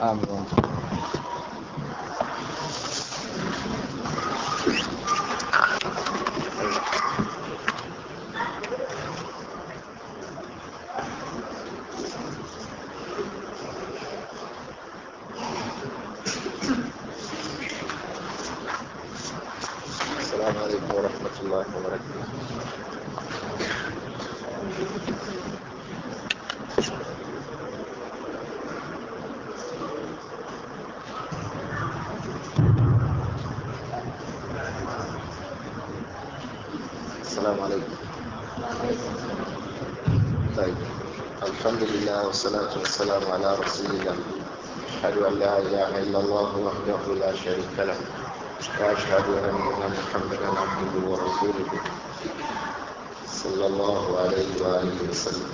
Ah, bon. والسلام على رسول الله أشهد أن لا إله إلا الله وحده لا شريك له وأشهد أن محمدا عبده ورسوله صلى الله عليه وآله وسلم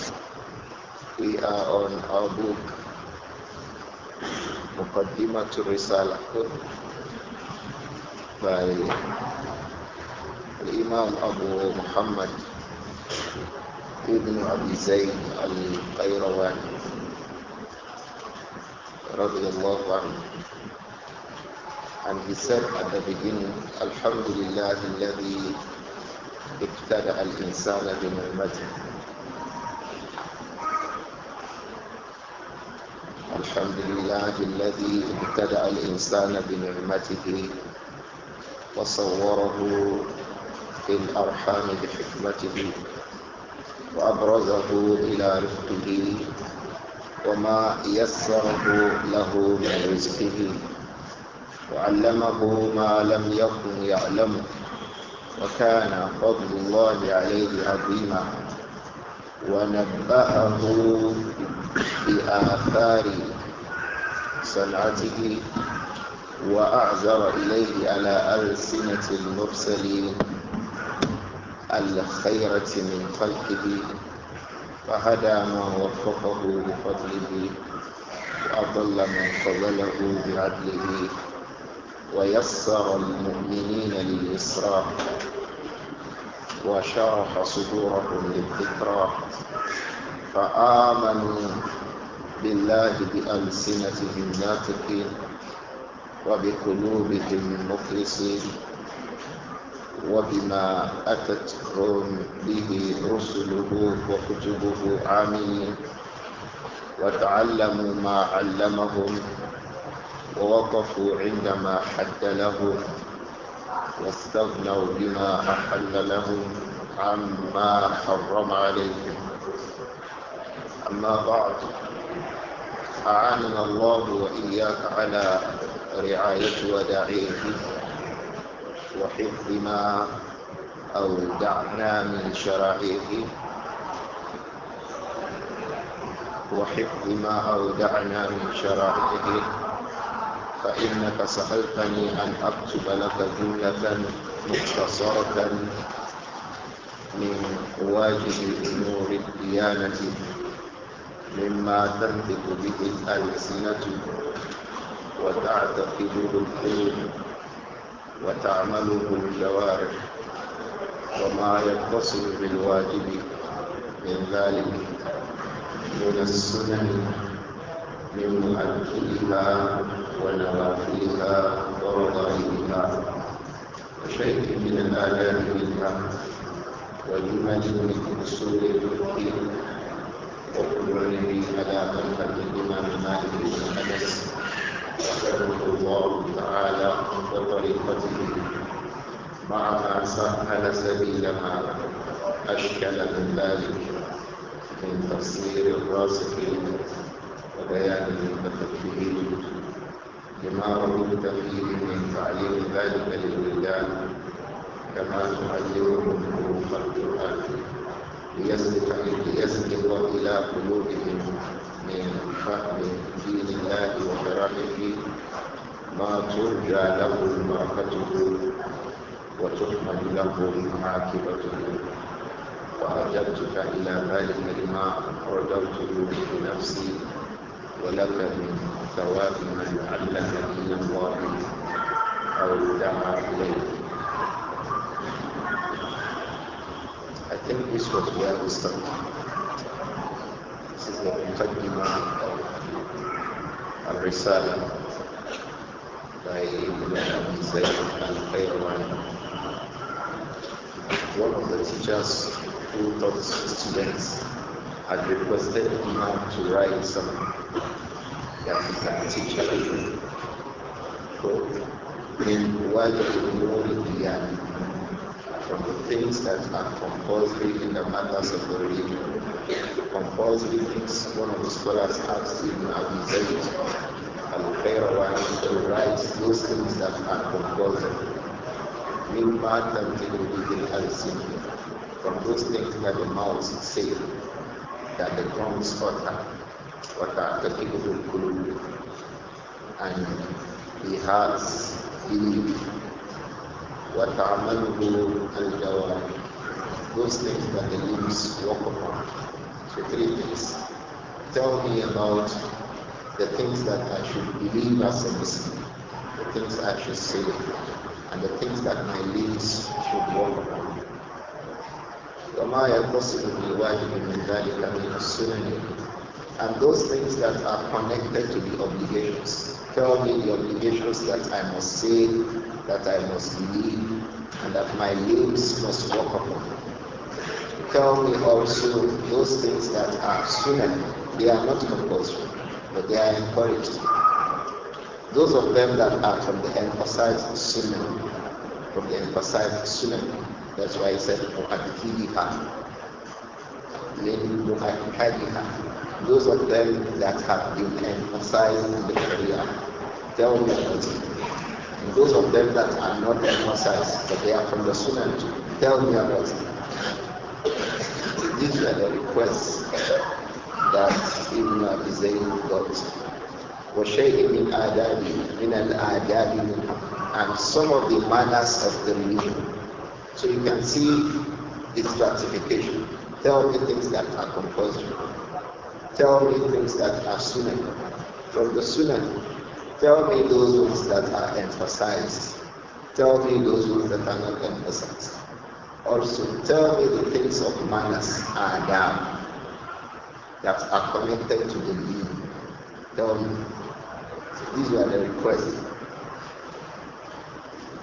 We are on our book مقدمة الرسالة by الإمام أبو محمد ابن أبي زيد القيرواني رضي الله And he said at the beginning, الذي ابتدأ الإنسان بنعمته. الحمد لله الذي ابتدأ الإنسان بنعمته وصوره في الأرحام بحكمته وأبرزه إلى رفقه وما يسره له من رزقه وعلمه ما لم يكن يعلمه وكان فضل الله عليه عظيما ونبأه بآثار صنعته وأعذر إليه على ألسنة المرسلين الخيرة من خلقه فهدى من وفقه بفضله وأضل من فضله بعدله ويسر المؤمنين لليسرى وشرح صدورهم للذكرى فآمنوا بالله بألسنتهم ناطقين وبقلوبهم مخلصين وبما أتت به رسله وكتبه آمين وتعلموا ما علمهم ووقفوا عندما حد لهم واستغنوا بما أحل لهم عما حرم عليهم أما بعد أعاننا الله وإياك على رعاية وداعيه وحفظ ما أودعنا من شرائعه وحفظ ما أودعنا من شرائعه فإنك سألتني أن أكتب لك جملة مختصرة من واجب أمور الديانة مما تنطق به الألسنة وتعتقده القلوب وتعمله الجوارح وما يتصل بالواجب من ذلك من السنن من مؤكدها ونوافيها ورضائها وشيء من الآلام منها وجمل من أصول الفقه وكل على مذهب الإمام مالك الحدث أحسنه الله تعالى عند طريقته مع ما سهل سبيل ما أشكل من ذلك من تفسير الراسخين وبيان المتفكرين لما رغبت فيه من تعليم ذلك للولدان كما تعلمهم حروف القرآن ليسبق إلى قلوبهم من فهم دين الأبناء وشرائه ما ترجى له بركته وتحمد له عاقبته وأجبتك إلى ذلك لما رجوته بنفسي ولك من ثواب من علم دين الله أو دعا إليه I think this was where we This is the Muqaddimah الرسالة by Ibn Abi One of the teachers who taught students had requested him to write some that he can teach children. In Wajah al-Nur al from the things that are compulsory in the matters of the religion. Compulsory things, one of the scholars asked him, "Have you said Abu Zayd, Al Qayrawan, to write those things that are compulsory. Mimma tamtilu bihi al From those things that the mouth say, that the tongues utter, utter the people who and he has he. وَتَعْمَلُ مِنْهُمْ الْجَوَارِ Those things that the leaves walk upon. The three things. Tell me about the things that I should believe as a Muslim, the things I should say, and the things that my leaves should walk upon. وما يتصل بالواجب من ذلك من السنن and those things that are connected to the obligations. Tell me the obligations that I must say, that I must believe, and that my limbs must walk upon. Tell me also those things that are sunnah. They are not compulsory, but they are encouraged. Those of them that are from the emphasized sunnah, from the emphasized sunnah, that's why I said, for Adhidiha, Lenu those of them that have been emphasized in the Sharia, tell me about it. And those of them that are not emphasized, but they are from the Sunnah, tell me about it. These were the requests that Ibn Abi Zayd got. وشيء من آداب من الآداب and some of the manners of the religion. So you can see this stratification. Tell me things that are compulsory. Tell me things that are sunnah. From the sunnah, tell me those ones that are emphasized. Tell me those ones that are not emphasized. Also, tell me the things of manners and adab that are connected to the deen. Tell me. So these were the requests.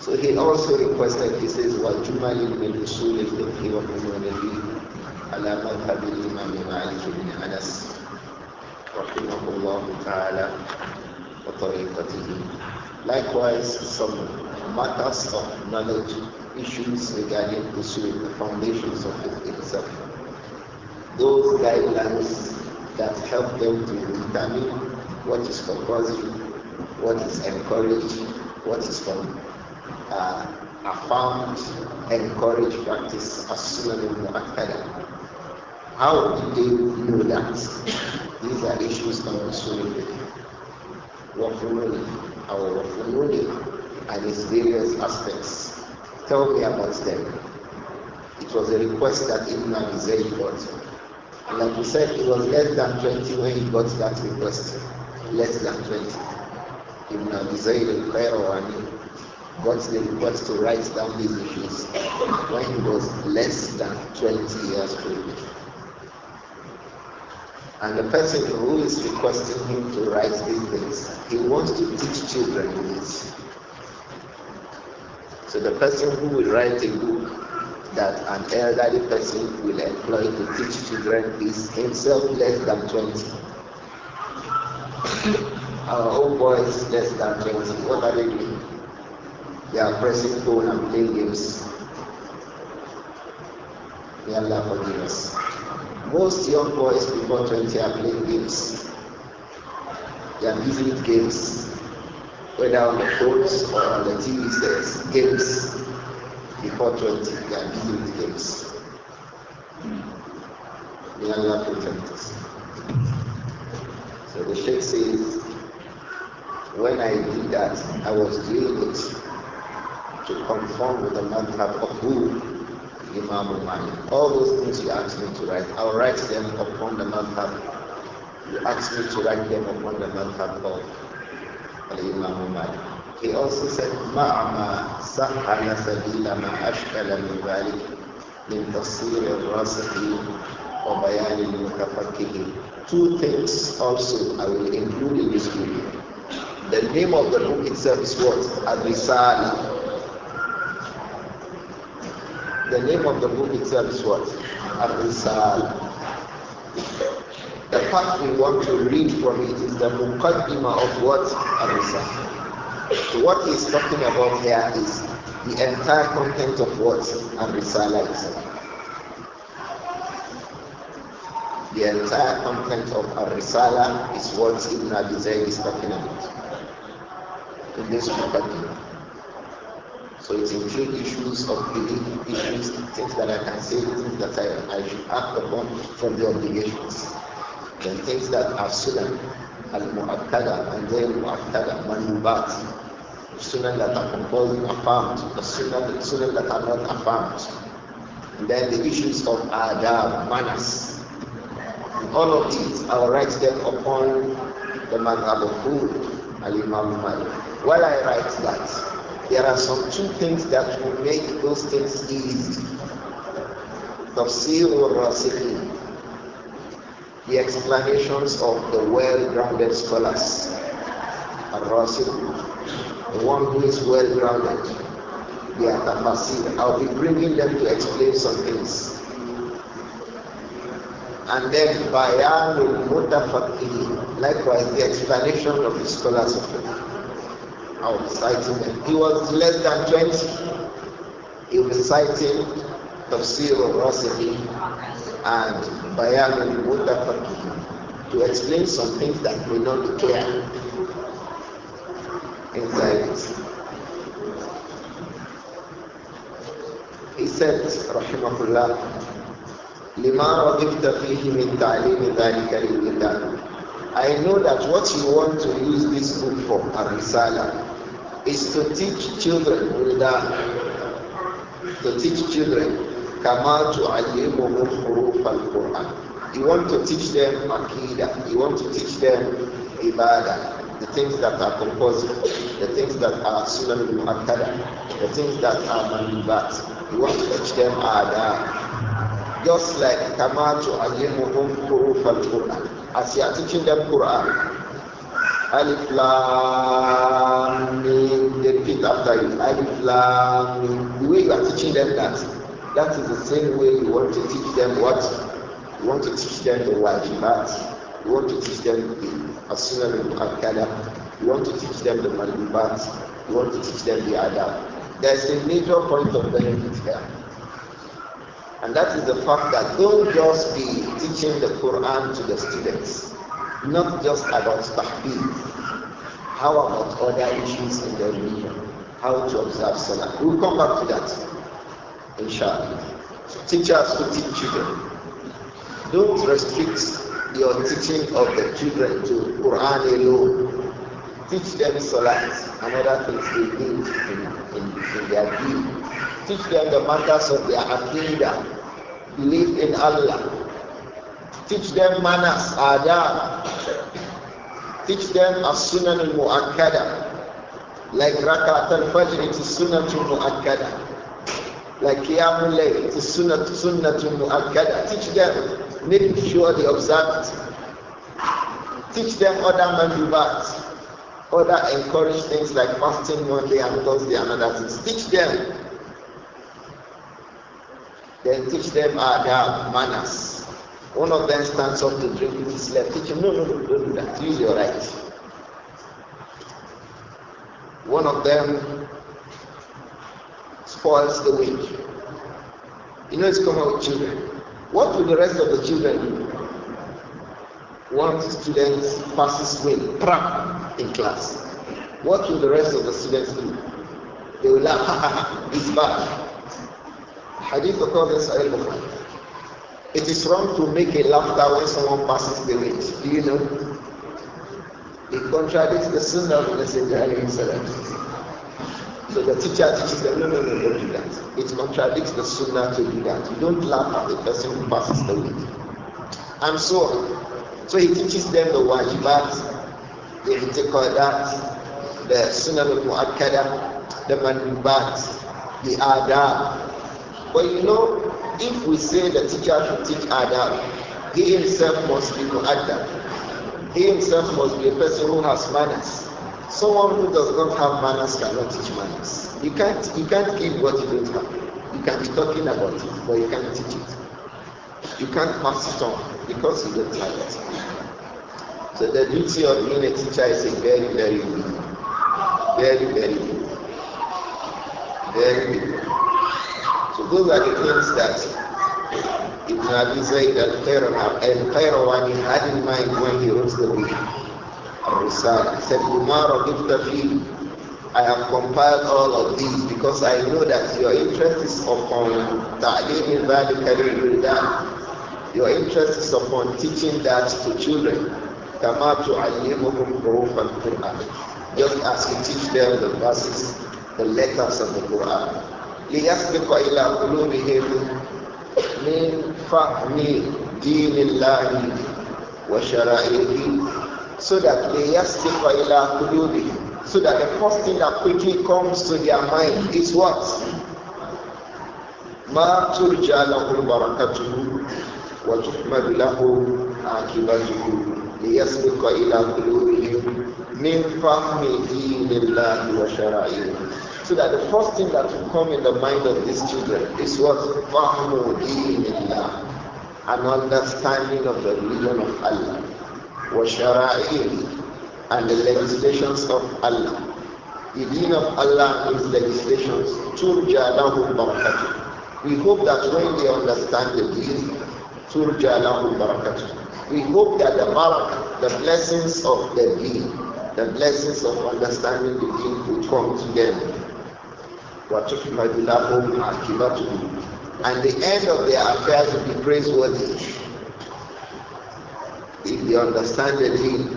So he also requested, he says, وَجُمَلٍ مِنْ أُصُولِ الْفِقْهِ وَمِنْ عَلَى مَذْهَبِ الْإِمَامِ رحمه الله تعالى وطريقته Likewise, some matters of knowledge, issues regarding the foundations of it itself. Those guidelines that help them to determine what is compulsory, what is encouraged, what is from uh, affirmed, encouraged practice as soon as how do they know that? These are issues concerning Rasulullah. Wafunun, our Wafunun, and its various aspects. Tell me about them. It was a request that Ibn Abizay got. And like we said, it was less than 20 when he got that request. Less than 20. Ibn Abizay al-Qayrawani got the request to write down these issues when he was less than 20 years old. And the person who is requesting him to write these things, he wants to teach children this. So the person who will write a book that an elderly person will employ to teach children is himself less than 20. Our boy boys less than 20. What are they doing? They are pressing phone and playing games. May Allah forgive us. Most young boys before 20 are playing games. They are busy with games, whether on the phones or on the TV sets, games. Before 20, they are busy with games. May are not protectors. So the Sheikh says, when I did that, I was doing it to conform with the mantra of who Imam Malik. All those things you asked me to write, I'll write them upon the madhab. You asked me to write them upon the madhab of Imam Malik. He also said, مَعْمَا سَحَّنَ سَبِيلَ مَا أَشْكَلَ مِنْ ذَلِكَ مِنْ تَصِيرِ الرَّاسِخِينَ وَبَيَانِ Two things also I will include in this video. The name of the book itself is what? risala the name of the book itself is what? Ar-Risala. The part we want to read from it is the Muqaddimah of what? Ar-Risala. So what he's talking about here is the entire content of what? Ar-Risala is. the entire content of a risala is what Ibn Abi is talking about in this Muqaddimah. So it includes issues of belief, issues, things that I can say, things that I, I should act upon from the obligations. Then things that are sunnah, al-mu'attada, and then mu'attada, manubat, sunnah that are compulsory affirmed, the sunnah, the sunnah that are not affirmed. And then the issues of adab, manners. all of these, I will write them upon the madhab of Al-Imam While I write that, there are some two things that will make those things easy. Tafsir the explanations of the well-grounded scholars. al the one who is well-grounded, the tafsir. I'll be bringing them to explain some things. And then Bayan al-Mutafaqih, likewise the explanation of the scholars of the I was citing him. He was less than 20. He was citing Tafsir of rasili and Bayan al-Mutafaqih to explain some things that may not be clear inside it. He said, Rahimahullah, لما رغبت فيه من تعليم ذلك للإنسان I know that what you want to use this book for, Arisala, is to teach children, to teach children, Kama to Huruf al Quran. You want to teach them Aqidah, you want to teach them Ibadah, the things that are composite, the things that are Sunan al the things that are Manubat. You want to teach them Adab, just like kama tu'allimuhum huruf al-Qur'an as you are teaching them Qur'an Alif Lam Mim they after you Alif Lam Mim the way you are teaching them that that is the same way you want to teach them what you want to teach them the wajibat you want to teach them the as-sunnah al-mu'akkada you want to teach them the Malibat, you want to teach them the adab there is a major point of benefit here And that is the fact that don't just be teaching the Quran to the students, not just about tahbib. How about other issues in the religion? How to observe Salah? We'll come back to that, inshallah. So teachers who teach children, don't restrict your teaching of the children to Quran alone. Teach them Salah and other things they need in, in, in their deen. teach them the matters of their aqidah, Believe in Allah. Teach them manners, adab. Teach them as sunan al muakkada, like rakat al fajr, it is sunnah muakkada. Like qiyamul layl, it is sunnah sunnatul muakkada. Teach them, make sure they observe it. Teach them other mandubat, other encourage things like fasting one day and Thursday and other Teach them Then teach them adab, uh, manners. One of them stands up to drink with his left. Teach him, no, no, no, don't do that. Use your right. One of them spoils the week. You know it's common with children. What will the rest of the children do? One student passes with prank in class. What will the rest of the students do? They will laugh, this bad. Hadith occurs in Sahih It is wrong to make a laughter when someone passes the way. Do you know? It contradicts the sunnah of the Messenger. So the teacher teaches them, no, no, no, don't do that. It contradicts the sunnah to do that. You don't laugh at the person who passes the way. And so on. So he teaches them the wajibat, the that the sunnah al-mu'akkada, the mandubat, the adab, But you know, if we say the teacher should teach adab, he himself must be mu'addab. He himself must be a person who has manners. Someone who does not have manners cannot teach manners. You can't, you can't give what you don't have. You can be talking about it, but you can't teach it. You can't pass it on because you don't have it. So the duty of being a teacher is a very, very big, very, very big, very big. So those are the things that Ibn Abi Zayd al I had in mind when he wrote the book. Al-Risal. He said, Umar I have compiled all of these because I know that your interest is upon ta'lim al that Your interest is upon teaching that to children. كما تعلمهم حروف القرآن just as you teach them the verses, the letters of the Quran. ليسبق إلى قلوبهم من فهم دين الله وشرائعه so that ليسبق إلى قلوبهم so that the first thing that quickly comes to their mind is what ما ترجى له بركته وتحمد له عاقبته ليسبق إلى قلوبهم من فهم دين الله وشرائعه So that the first thing that will come in the mind of these children is what? An understanding of the religion of Allah. Washara'il and the legislations of Allah. The deen of Allah is legislations. Turja lahum We hope that when they understand the deen, turja lahum We hope that the barakah, the blessings of the deen, the blessings of understanding the deen will come to them are talking about And the end of their affairs will be praiseworthy. If they understand the deen,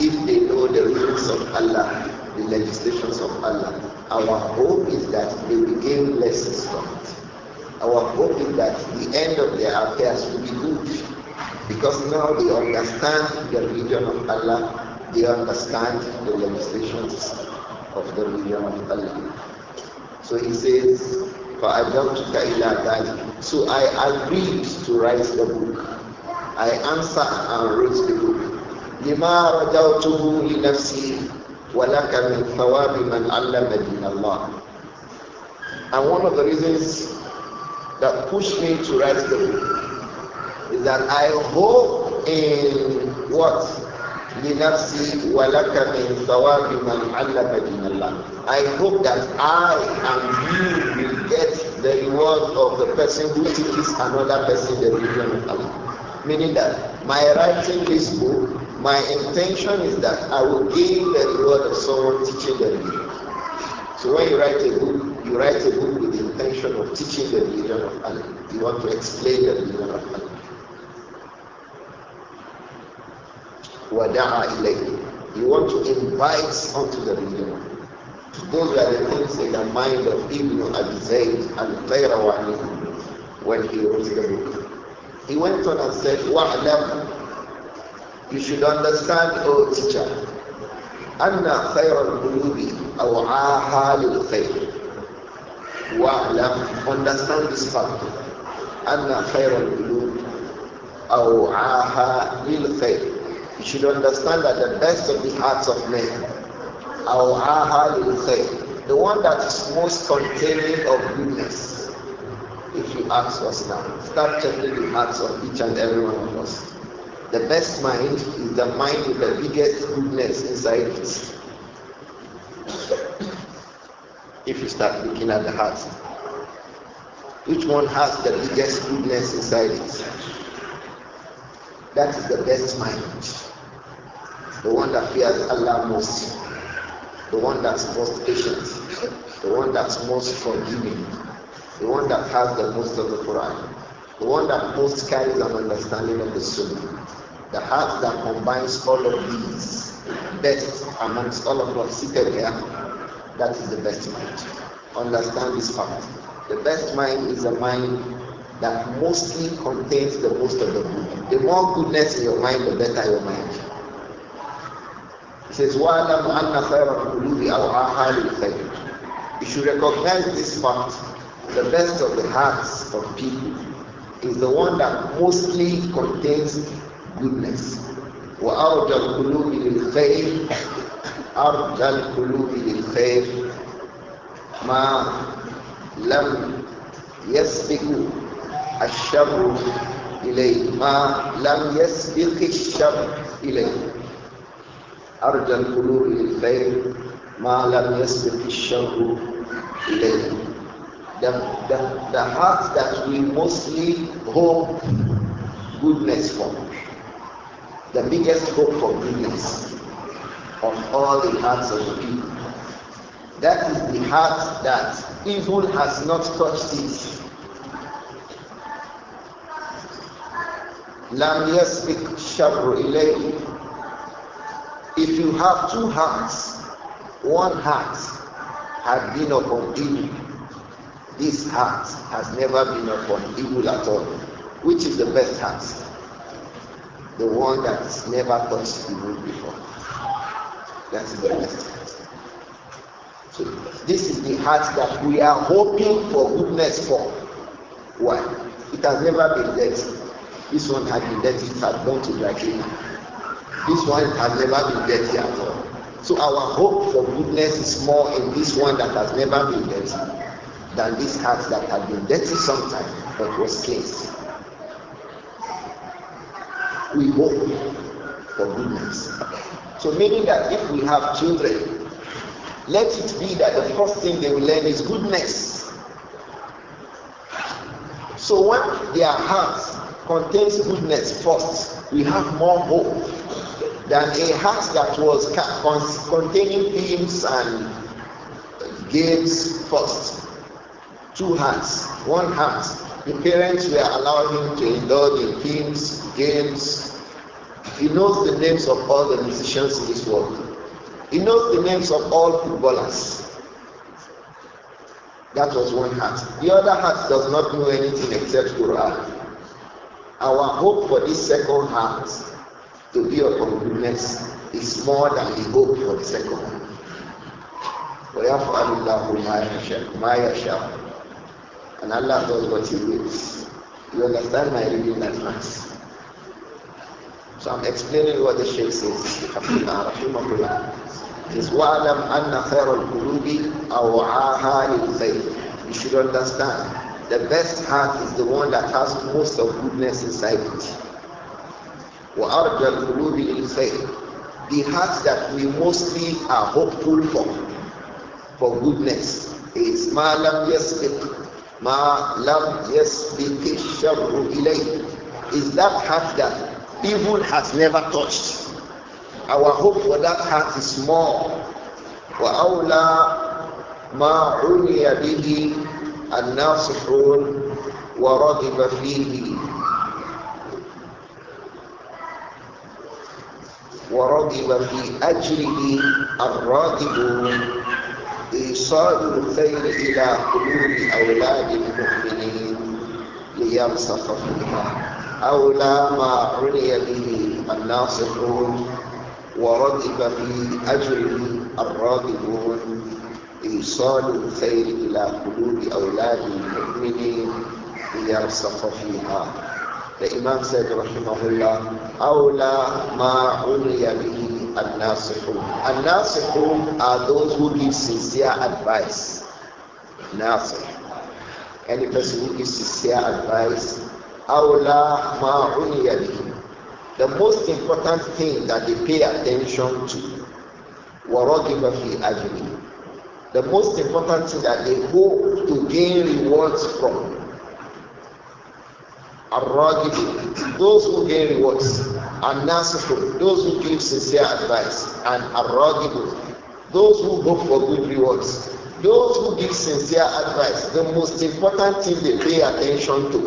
if they know the rules of Allah, the legislations of Allah, our hope is that they will gain lessons from it. Our hope is that the end of their affairs will be good. Because now they understand the religion of Allah, they understand the legislations of the religion of Allah. So he says, So I agreed to write the book. I answered and wrote the book. لما رجوته لنفسي ولك من ثواب من علم دين الله. And one of the reasons that pushed me to write the book is that I hope in what? لِنَفْسِي وَلَكَ مِنْ ثَوَابِ مَنْ عَلَّمَ دِينَ اللَّهِ I hope that I and you will get the reward of the person who teaches another person the religion of Allah. Meaning that my writing this book, my intention is that I will gain the reward of someone teaching the religion. So when you write a book, you write a book with the intention of teaching the religion of Allah. You want to explain the religion of Allah. وَدَعَ إِلَيْهِ You want to invite onto the religion. Those are the things in the mind of Ibn Abi Zayd and Qayrawani when he wrote the book. He went on and said, وَعْلَمْ You should understand, O oh teacher, al خَيْرَ الْقُلُوبِ 'Ahha lil-khayr.' وَعْلَمْ Understand this fact. al خَيْرَ الْقُلُوبِ 'Ahha lil-khayr.'" should understand that the best of the hearts of men, the one that is most containing of goodness, if you ask us now, start checking the hearts of each and every one of us. The best mind is the mind with the biggest goodness inside it. if you start looking at the heart, which one has the biggest goodness inside it? That is the best mind the one that fears Allah most, the one that's most patient, the one that's most forgiving, the one that has the most of the Quran, the one that most carries an understanding of the Sunnah, the heart that combines all of these, best amongst all of us seated here, that is the best mind. Understand this fact. The best mind is a mind that mostly contains the most of the good. The more goodness in your mind, the better your mind. He says, وَأَلَمْ أَنَّ خَيْرَ الْقُلُوبِ أَوْعَاهَا لِلْخَيْرِ You should recognize this fact. The best of the hearts of people is the one that mostly contains goodness. وَأَرْجَ الْقُلُوبِ لِلْخَيْرِ أَرْجَ الْقُلُوبِ لِلْخَيْرِ مَا لَمْ يسبق الشر إليه ما لم يسبق الشر إليه أرجى ما لم يسبق الشر إليه the, the, the heart that we mostly hope goodness for the biggest hope for goodness of all the hearts of the people that is the heart that evil has not touched it Lam يسبق الشر ilayhi. if you have two hands, one heart has been upon evil. This heart has never been upon evil at all. Which is the best heart? The one that has never touched evil before. That is the best heart. So this is the heart that we are hoping for goodness for. Why? It has never been dirty. This one has been dirty, it had gone to dry cleaner. This one has never been dirty at all. So our hope for goodness is more in this one that has never been dirty than this heart that had been dirty sometime but was cleansed. We hope for goodness. So meaning that if we have children, let it be that the first thing they will learn is goodness. So when their hearts contains goodness first, we have more hope than a house that was containing hymns and games first. Two hands, one hand. The parents were allowing him to indulge in hymns, games. He knows the names of all the musicians in this world. He knows the names of all footballers. That was one heart. The other heart does not know anything except Quran. Our hope for this second heart to be a goodness is more than the hope for the second one. ويفعل الله ما يشاء ما يشاء and Allah does what He wills. You understand my reading at once. So I'm explaining what the Shaykh says. Is wa'alam anna khair al-qulubi aw'aha lil You should understand. The best heart is the one that has most of goodness inside it. The heart that we mostly are hopeful for, for goodness, is ma lam yasbiq, ma lam yasbiq sharru ilayh. Is that heart that evil has never touched. Our hope for that heart is small. وأولى ما عني به الناصحون ورغب فيه ورغب في أجره الراغب إيصال الخير إلى قلوب أولاد المؤمنين ليرسخ فيها أو لا ما عني به الناصحون ورغب في أجره الراغبون إيصال الخير إلى قلوب أولاد المؤمنين ليرسخ فيها The Imam said, Rahimahullah, Awla ma bihi al-nasihun. Al-nasihun are those who give sincere advice. Nasih. Any person who gives sincere advice, Awla ma bihi. The most important thing that they pay attention to, وَرَغِبَ فِي The most important thing that they hope to gain rewards from Arrogant. those who gain rewards. are nasihun those who give sincere advice. And arrogant. those who hope for good rewards. Those who give sincere advice, the most important thing they pay attention to.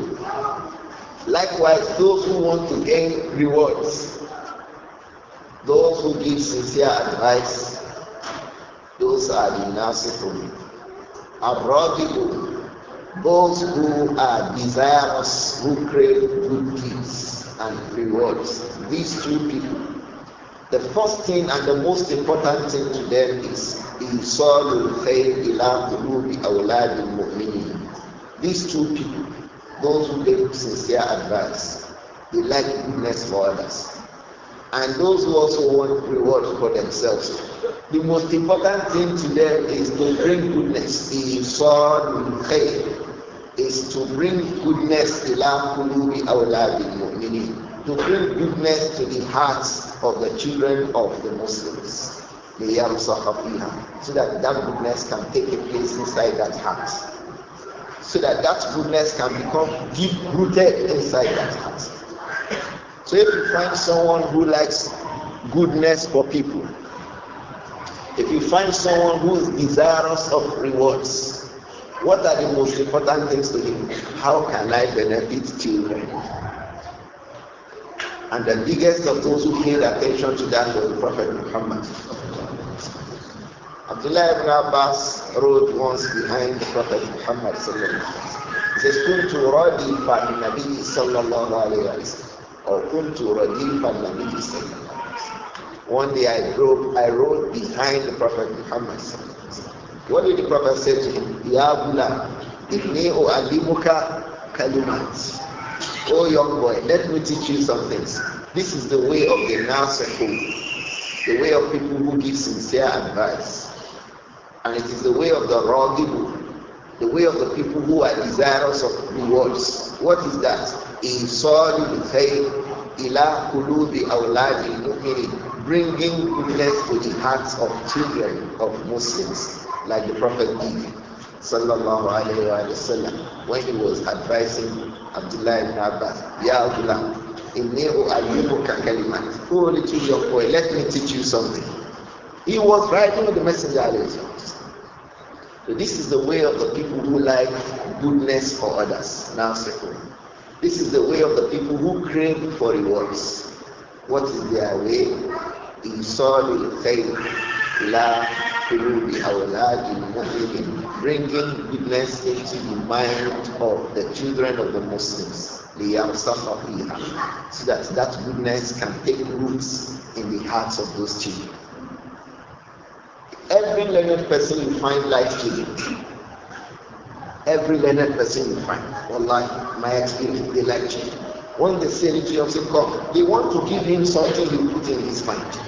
Likewise, those who want to gain rewards. Those who give sincere advice, those are the Nasihun. Arrogant. Those who are desirous, who crave good deeds and rewards, these two people, the first thing and the most important thing to them is إِنصَالُ الْخَيْرِ إِلَىٰ قُلُوبِ the الْمُؤْمِنِينَ These two people, those who give sincere advice, they like goodness for others and those who also want reward for themselves. The most important thing to them is to bring goodness. Is to bring goodness to bring goodness to the hearts of the children of the Muslims. So that that goodness can take a place inside that heart. So that that goodness can become deep rooted inside that heart. So if you find someone who likes goodness for people, if you find someone who is desirous of rewards, what are the most important things to him? How can I benefit children? And the biggest of those who paid attention to that was the Prophet Muhammad. Abdullah ibn Abbas rode once behind the Prophet Muhammad. He says, kuntu رديفا النبي صلى الله عليه وسلم one day I drove, I rode behind the Prophet Muhammad What did the Prophet say to him? Ya Bula, o أُعَلِّمُكَ كَلِمَاتٍ Oh young boy, let me teach you some things. This is the way of the Nasihu, the way of people who give sincere advice. And it is the way of the Ragibu, the way of the people who are desirous of rewards. What is that? إيصال الخير إلى قلوب أولاد المؤمنين bringing goodness to the hearts of children of Muslims like the Prophet did sallallahu alayhi wa sallam when he was advising Abdullah ibn Abbas Ya Abdullah inni u'allimuka kalimat Oh little young boy let me teach you something he was writing with the messenger alayhi so this is the way of the people who like goodness for others now second this is the way of the people who crave for rewards. What is their way? Isal love, la qulubi in mu'minin. Bringing goodness into the mind of the children of the Muslims. لِيَمْسَخَ So that that goodness can take roots in the hearts of those children. Every learned person will find life changing every learned person you find. Wallahi, my experience, they like change. When they say it, you come. They want to give him something he put in his mind.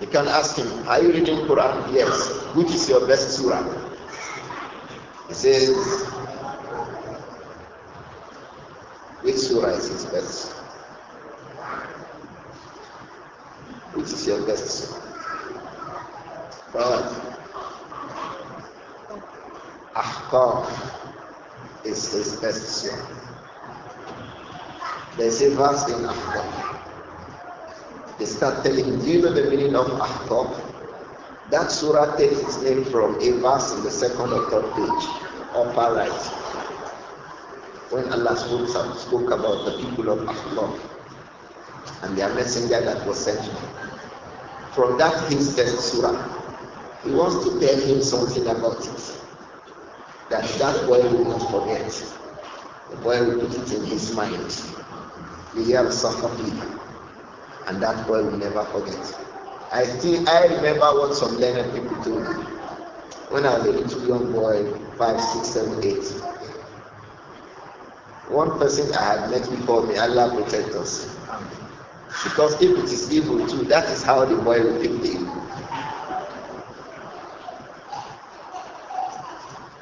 You can ask him, Are you reading Quran? Yes. Which is your best surah? He says, Which surah is his best? Which is your best surah? But Ahqaf is his best song. There's a verse in Ahqaf. They start telling, do you know the meaning of Ahqaf? That surah takes its name from a verse in the second or third page, upper right. When Allah spoke, spoke about the people of Ahqaf and their messenger that was sent to them. From that, his best surah. He wants to tell him something about it that that boy will not forget. The boy will put it in his mind. The will suffer Safafi. And that boy will never forget. I still I remember what some learned people told me when I was a little young boy, five, six, seven, eight. One person I had met before me, Allah protect us. Because if it is evil too, that is how the boy will take the evil.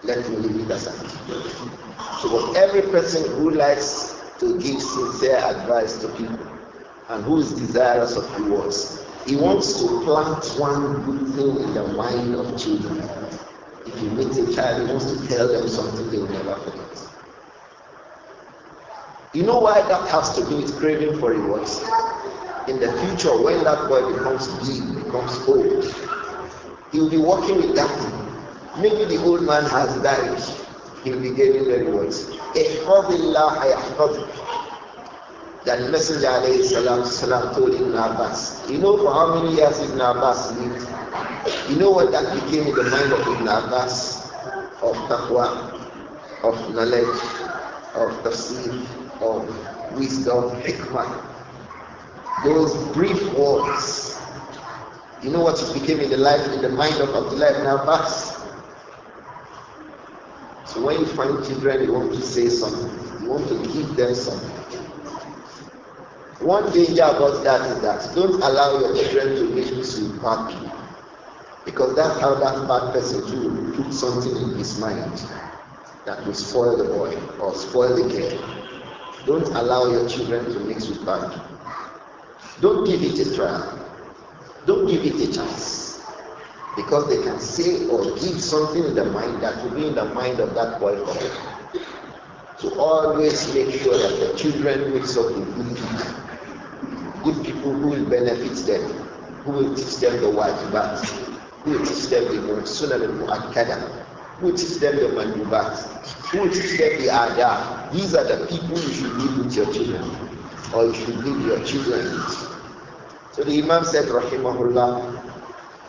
Let me leave it aside. So, for every person who likes to give sincere advice to people and who is desirous of rewards, he wants to plant one good thing in the mind of children. If you meet a child, he wants to tell them something they will never forget. You know why that has to do with craving for rewards? In the future, when that boy becomes big, becomes old, he will be working with that thing. Maybe the old man has died. He'll be getting the rewards. That the Messenger والسلام, told Ibn Abbas. You know for how many years Ibn Abbas lived? You know what that became in the mind of Ibn Abbas? Of taqwa, of knowledge, of tafsir, of wisdom, hikmah. Those brief words you know what it became in the life, in the mind of Abdullah ibn Abbas? So when you find children, you want to say something, you want to give them something. One danger about that is that don't allow your children to make you happy. Because that's how that bad person too will put something in his mind that will spoil the boy or spoil the girl. Don't allow your children to mix with bad. Don't give it a try. Don't give it a chance. Because they can say or give something in the mind that will be in the mind of that boy or girl. So always make sure that the children mix up with good people. Good people who will benefit them, who will teach them the wajibat, who will teach them the sunnah the muakkada who will teach them the mandubat, who will teach them the adab. These are the people you should live with your children, or you should live your children with. So the Imam said, Rahimahullah,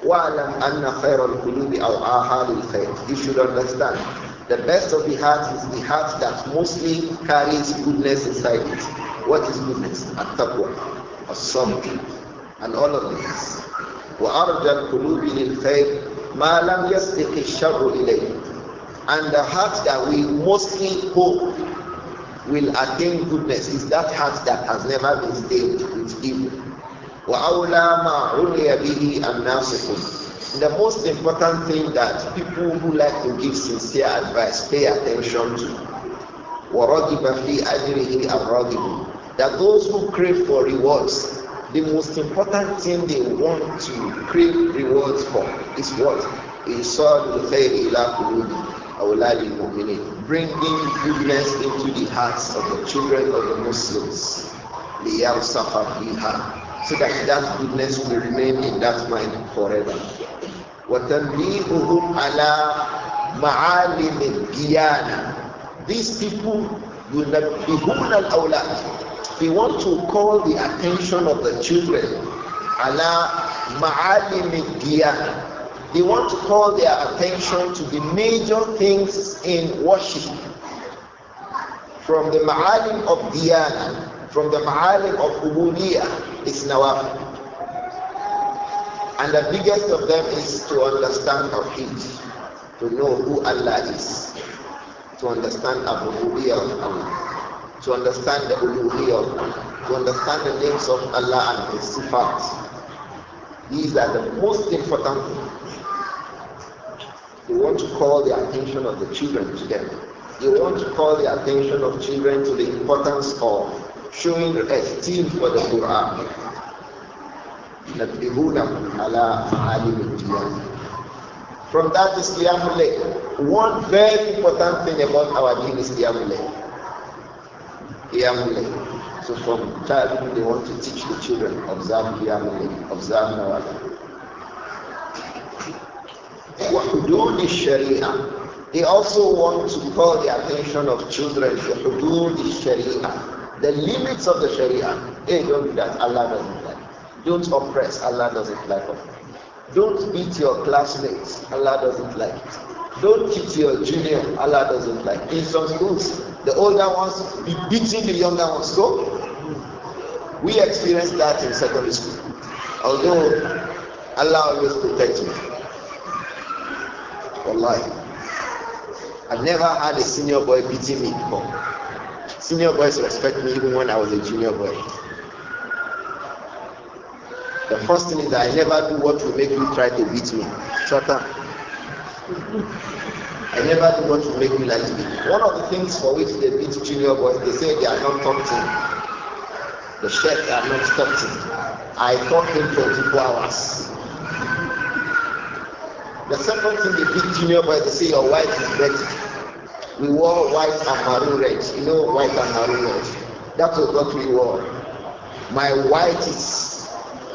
وَعَلَمْ أَنَّ خَيْرَ الْقُلُوبِ أَوْعَاهَا لِلْخَيْرِ You should understand. The best of the heart is the heart that mostly carries goodness inside it. What is goodness? at or something, and all of this. وَأَرْجَ الْقُلُوبِ لِلْخَيْرِ مَا لَمْ يَسْتِقِ الشَّرُّ إِلَيْهِ And the heart that we mostly hope will attain goodness is that heart that has never been stained with evil. The most important thing that people who like to give sincere advice pay attention to وَرَغِبَ فِي أَجْرِهِ الرَّغِبُ That those who crave for rewards, the most important thing they want to crave rewards for is what? إِصَالُ الْخَيْرِ إِلَى قُلُوبِ أَوْلَادِ الْمُؤْمِنِينَ Bringing goodness into the hearts of the children of the Muslims. لِيَرْسَخَ فِيهَا so that that goodness will remain in that mind forever. These people will الْجِيَانَ These people they We want to call the attention of the children They want to call their attention to the major things in worship from the ma'alim of diyana from the ma'alim of ubudiyah is nawafil. And the biggest of them is to understand Tawheed, to know who Allah is, to understand Abu of Allah, to understand the Uluhiyah of Allah, to understand the names of Allah and His sifat. These are the most important things. They want to call the attention of the children to them. They want to call the attention of children to the importance of showing esteem for the Quran. From that is Qiyamulay. One very important thing about our deen is Qiyamulay. Qiyamulay. So from childhood they want to teach the children observe Qiyamulay, observe Nawala. وحدود sharia? They also want to call the attention of children to حدود sharia. The limits of the Sharia. Hey, don't do that. Allah doesn't like. Don't oppress. Allah doesn't like it. Don't beat your classmates. Allah doesn't like it. Don't cheat your junior. Allah doesn't like it. In some schools, the older ones be beating the younger ones. So we experienced that in secondary school. Although Allah always protects me. Wallahi. I never had a senior boy beating me before. Senior boys respect me even when I was a junior boy. The first thing is that I never do what will make you try to beat me. Shut up. I never do what will make you like me. One of the things for which they beat junior boys, they say they are not talking. The chef are not talking. I taught him 24 hours. The second thing they beat junior boys, they say your wife is better. We wore white and maroon red. You know white and maroon red. That was what we wore. My white is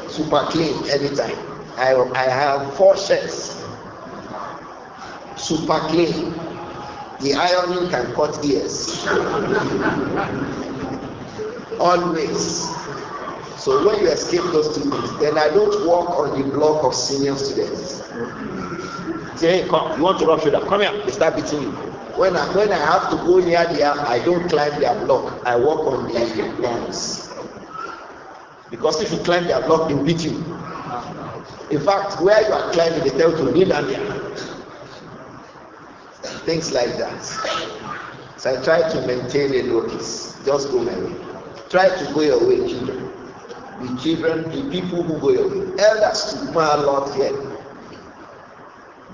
super clean anytime. I, I have four shirts. Super clean. The ironing can cut ears. Always. So when you escape those two things, then I don't walk on the block of senior students. Say, hey, come, you want to rub shoulder? Come here. They start beating you. When I, when I have to go near there, I don't climb their block. I walk on their plants. Because if you climb their block, they beat you. In fact, where you are climbing, they tell you to kneel down there. Things like that. So I try to maintain a notice. Just go my way. Try to go your way, children. The children, the people who go your way. Elders to a lot here.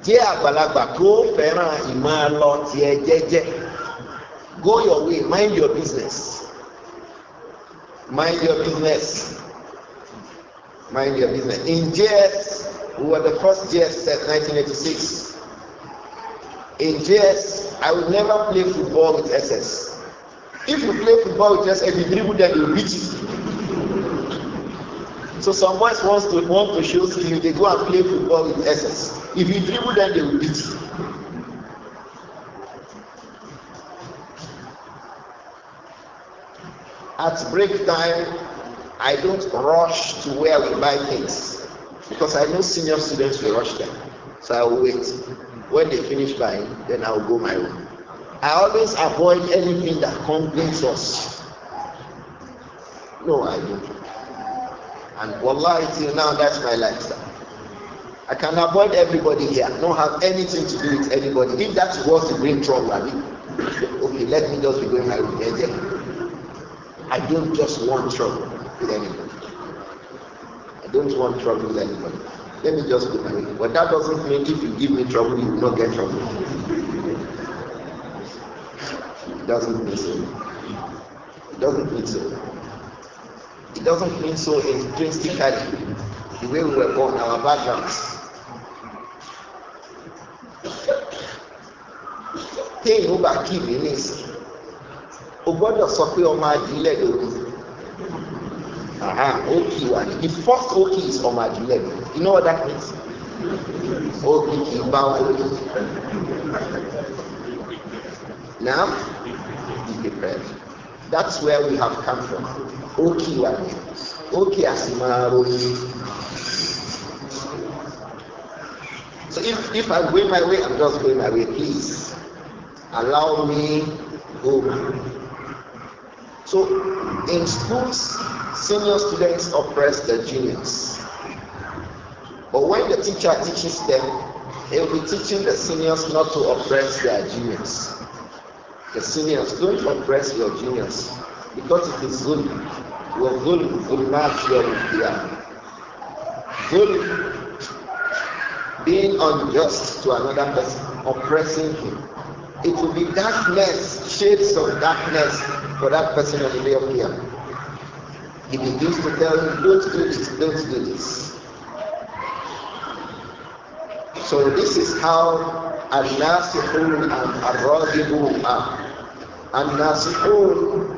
jẹ́ àgbàlagbà kó fẹ́ràn ìmọ̀ lọ tiẹ̀ jẹ́jẹ́ go your way mind your business mind your business mind your business in JS we were the first JS set 1986 in JS I will never play football with SS if you play football with SS if you dribble them you reach you. So some boys wants to want to show skill, they go and play football with SS. If you dribble them, they will beat you. At break time, I don't rush to where we buy things because I know senior students will rush them. So I will wait. When they finish buying, then I will go my own. I always avoid anything that complains us. No, I don't. And wallahi, till now, that's my lifestyle. I can avoid everybody here. I don't have anything to do with anybody. If that's worth to bring trouble, I mean, okay, let me just be going my way. I don't just want trouble with anybody. I don't want trouble with anybody. Let me just go my way. But that doesn't mean if you give me trouble, you will not get trouble. it doesn't mean so. It doesn't mean so. It doesn't mean so intrinsically the way we were born, our backgrounds. téèyàn ó bá kí ìwé nìsín o gbọ́dọ̀ sọ pé ọmọ adìlẹ̀ lórí ókì wà ní the first ókì is ọmọ adìlẹ̀ you know what that means ókì kì bá wọn lórí now you dey prepare. That's where we have come from. Okiwa, one. Okay, So if, if I'm going my way, I'm just going my way. Please allow me go. So in schools, senior students oppress the juniors. But when the teacher teaches them, he'll be teaching the seniors not to oppress their juniors. the seniors. Don't oppress your juniors because it is zulm. Your zulm will not your fear. Zulm, being unjust to another person, oppressing him. It will be darkness, shades of darkness for that person on the day of fear. He begins to tell him, don't do this, don't do this. So this is how Al-Nasihun and Al-Radibu are. Al-Nasihun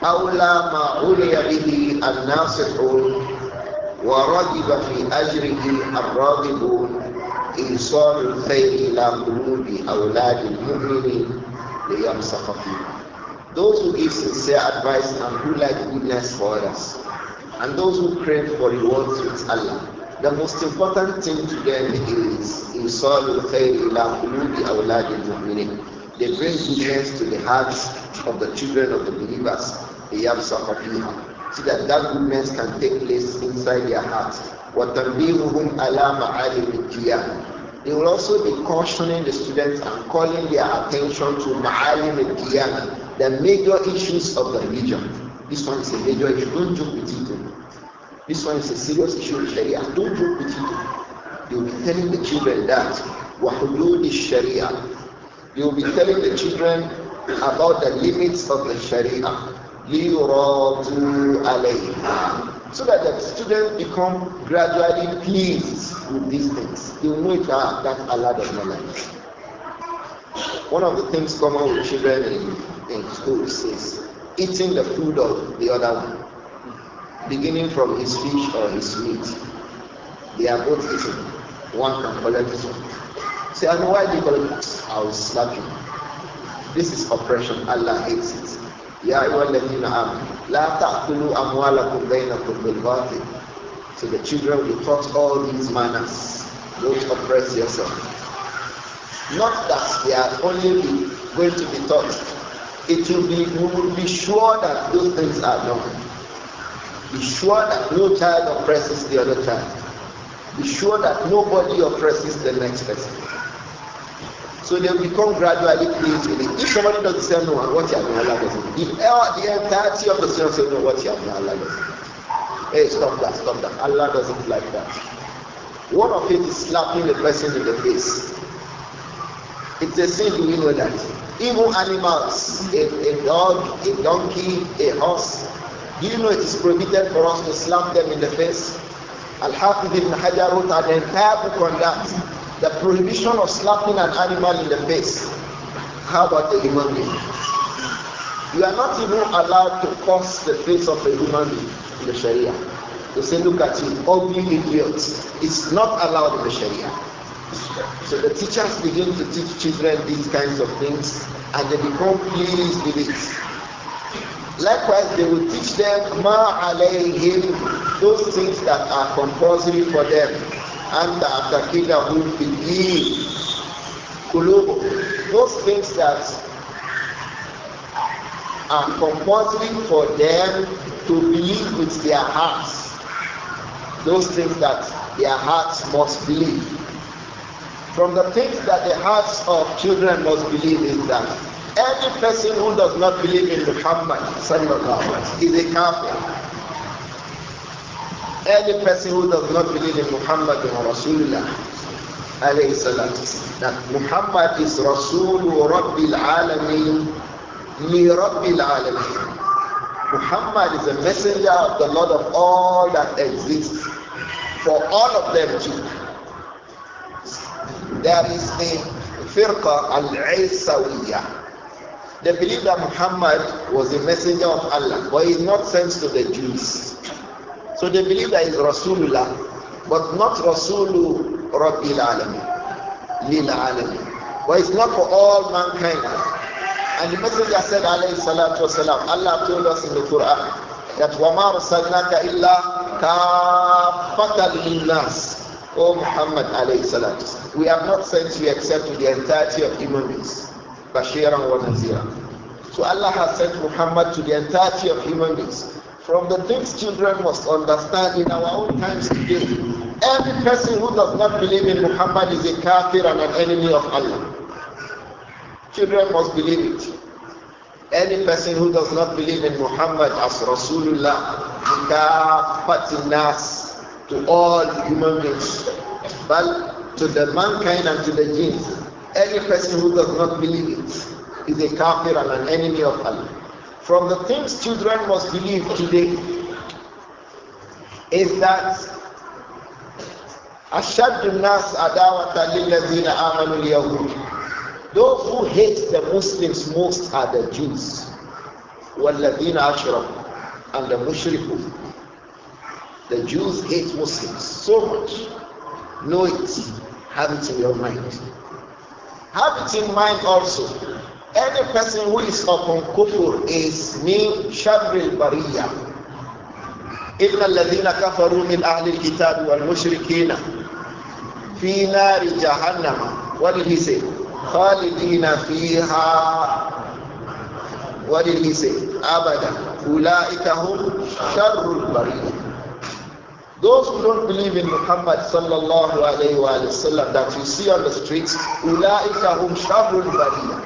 أولى ما علي به الناصحون ورغب في in الراغب إيصال الخير إلى قلوب أولاد المؤمنين ليمسخ فيه. Those who give sincere advice and who like goodness for others, and those who crave for rewards with Allah. The most important thing to them is Insalul Khair ila Huludi Awladi Mu'minin. They bring goodness to the hearts of the children of the believers, They Iyam Safafiha, so that that goodness can take place inside their hearts. وَتَنْبِيهُهُمْ عَلَى مَعَالِمِ الْقِيَامِ They will also be cautioning the students and calling their attention to Ma'alim al-Qiyamah, the major issues of the religion. This one is a major issue. Don't joke with it. This one is a serious issue in Sharia. Don't joke with it. You'll be telling the children that Wahudud is Sharia. You'll be telling the children about the limits of the Sharia. لِيُرَاضُوا عَلَيْهَا So that the students become gradually pleased with these things. You know it ah, that Allah does not like. One of the things common with children in, in schools is eating the food of the other one beginning from his fish or his meat. They are both eating. One can collect his own. Say, and why do you collect? I will slap you. This is oppression. Allah hates it. يا أيها الذين la لا تأكلوا أموالكم بينكم بالباطل. So the children will taught all these manners. Don't oppress yourself. Not that they are only going to be taught. It will be, we will be sure that those things are done. Be sure that no child oppresses the other child. Be sure that nobody oppresses the next person. So they become gradually created. If somebody doesn't say no, what you have Allah doesn't. If all the entirety of the students say no, what you have Allah doesn't. Hey, stop that, stop that. Allah doesn't like that. One of it is slapping the person in the face. It's a sin, do you know that? Even animals, a, a dog, a donkey, a horse, Do you know it is prohibited for us to slap them in the face? Al-Hafidh ibn Hajar wrote an entire book on that. The prohibition of slapping an animal in the face. How about a human being? You are not even allowed to curse the face of a human being in the Sharia. To say, look at you, ugly idiot. It's not allowed in the Sharia. So the teachers begin to teach children these kinds of things and they become pleased with it. Likewise, they will teach them ma alayhim, those things that are compulsory for them, and the atakidahu fidin, kulubu, those things that are compulsory for them to believe with their hearts, those things that their hearts must believe. From the things that the hearts of children must believe is that Any person who does not believe in Muhammad sallallahu is a kafir. Any person who does not believe in Muhammad Rasulullah alayhi salatu that Muhammad is Rasul Rabbil Alamin, li Rabbil Alamin. Muhammad is a messenger of the Lord of all that exists for all of them too. There is a firqa al-Isawiyah They believe that Muhammad was a messenger of Allah, but he's not sent to the Jews. So they believe that he's Rasulullah, but not Rasulu Rabbil Alamin, Lil Alamin. But it's not for all mankind. And the messenger said, alayhi salatu wasalam, Allah told us in the Quran, that وَمَا رَسَلْنَاكَ إِلَّا كَافَّةً لِلنَّاسِ O Muhammad alayhi salatu We have not sent you except to the entirety of human beings. Bashiran wa Nazira. So Allah has sent Muhammad to the entirety of human beings. From the things children must understand in our own times today, every person who does not believe in Muhammad is a kafir and an enemy of Allah. Children must believe it. Any person who does not believe in Muhammad as Rasulullah, kafatinas to all human beings, but to the mankind and to the jinn. Any person who does not believe it is a kafir and an enemy of Allah. From the things children must believe today is that Ashadun Nas عداوة للذين آمنوا اليهود Those who hate the Muslims most are the Jews waladina أشركوا and the Mushriku. The Jews hate Muslims so much. Know it. Have it in your mind. Have it in mind also. Any person who is upon kufur is min sharril bariyah. إن الذين كفروا من أهل الكتاب والمشركين في نار جهنم وللهسي خالدين فيها وللهسي أبدا أولئك هم شر البريه Those who don't believe in Muhammad sallallahu alayhi wa sallam that you see on the streets, hum bariya.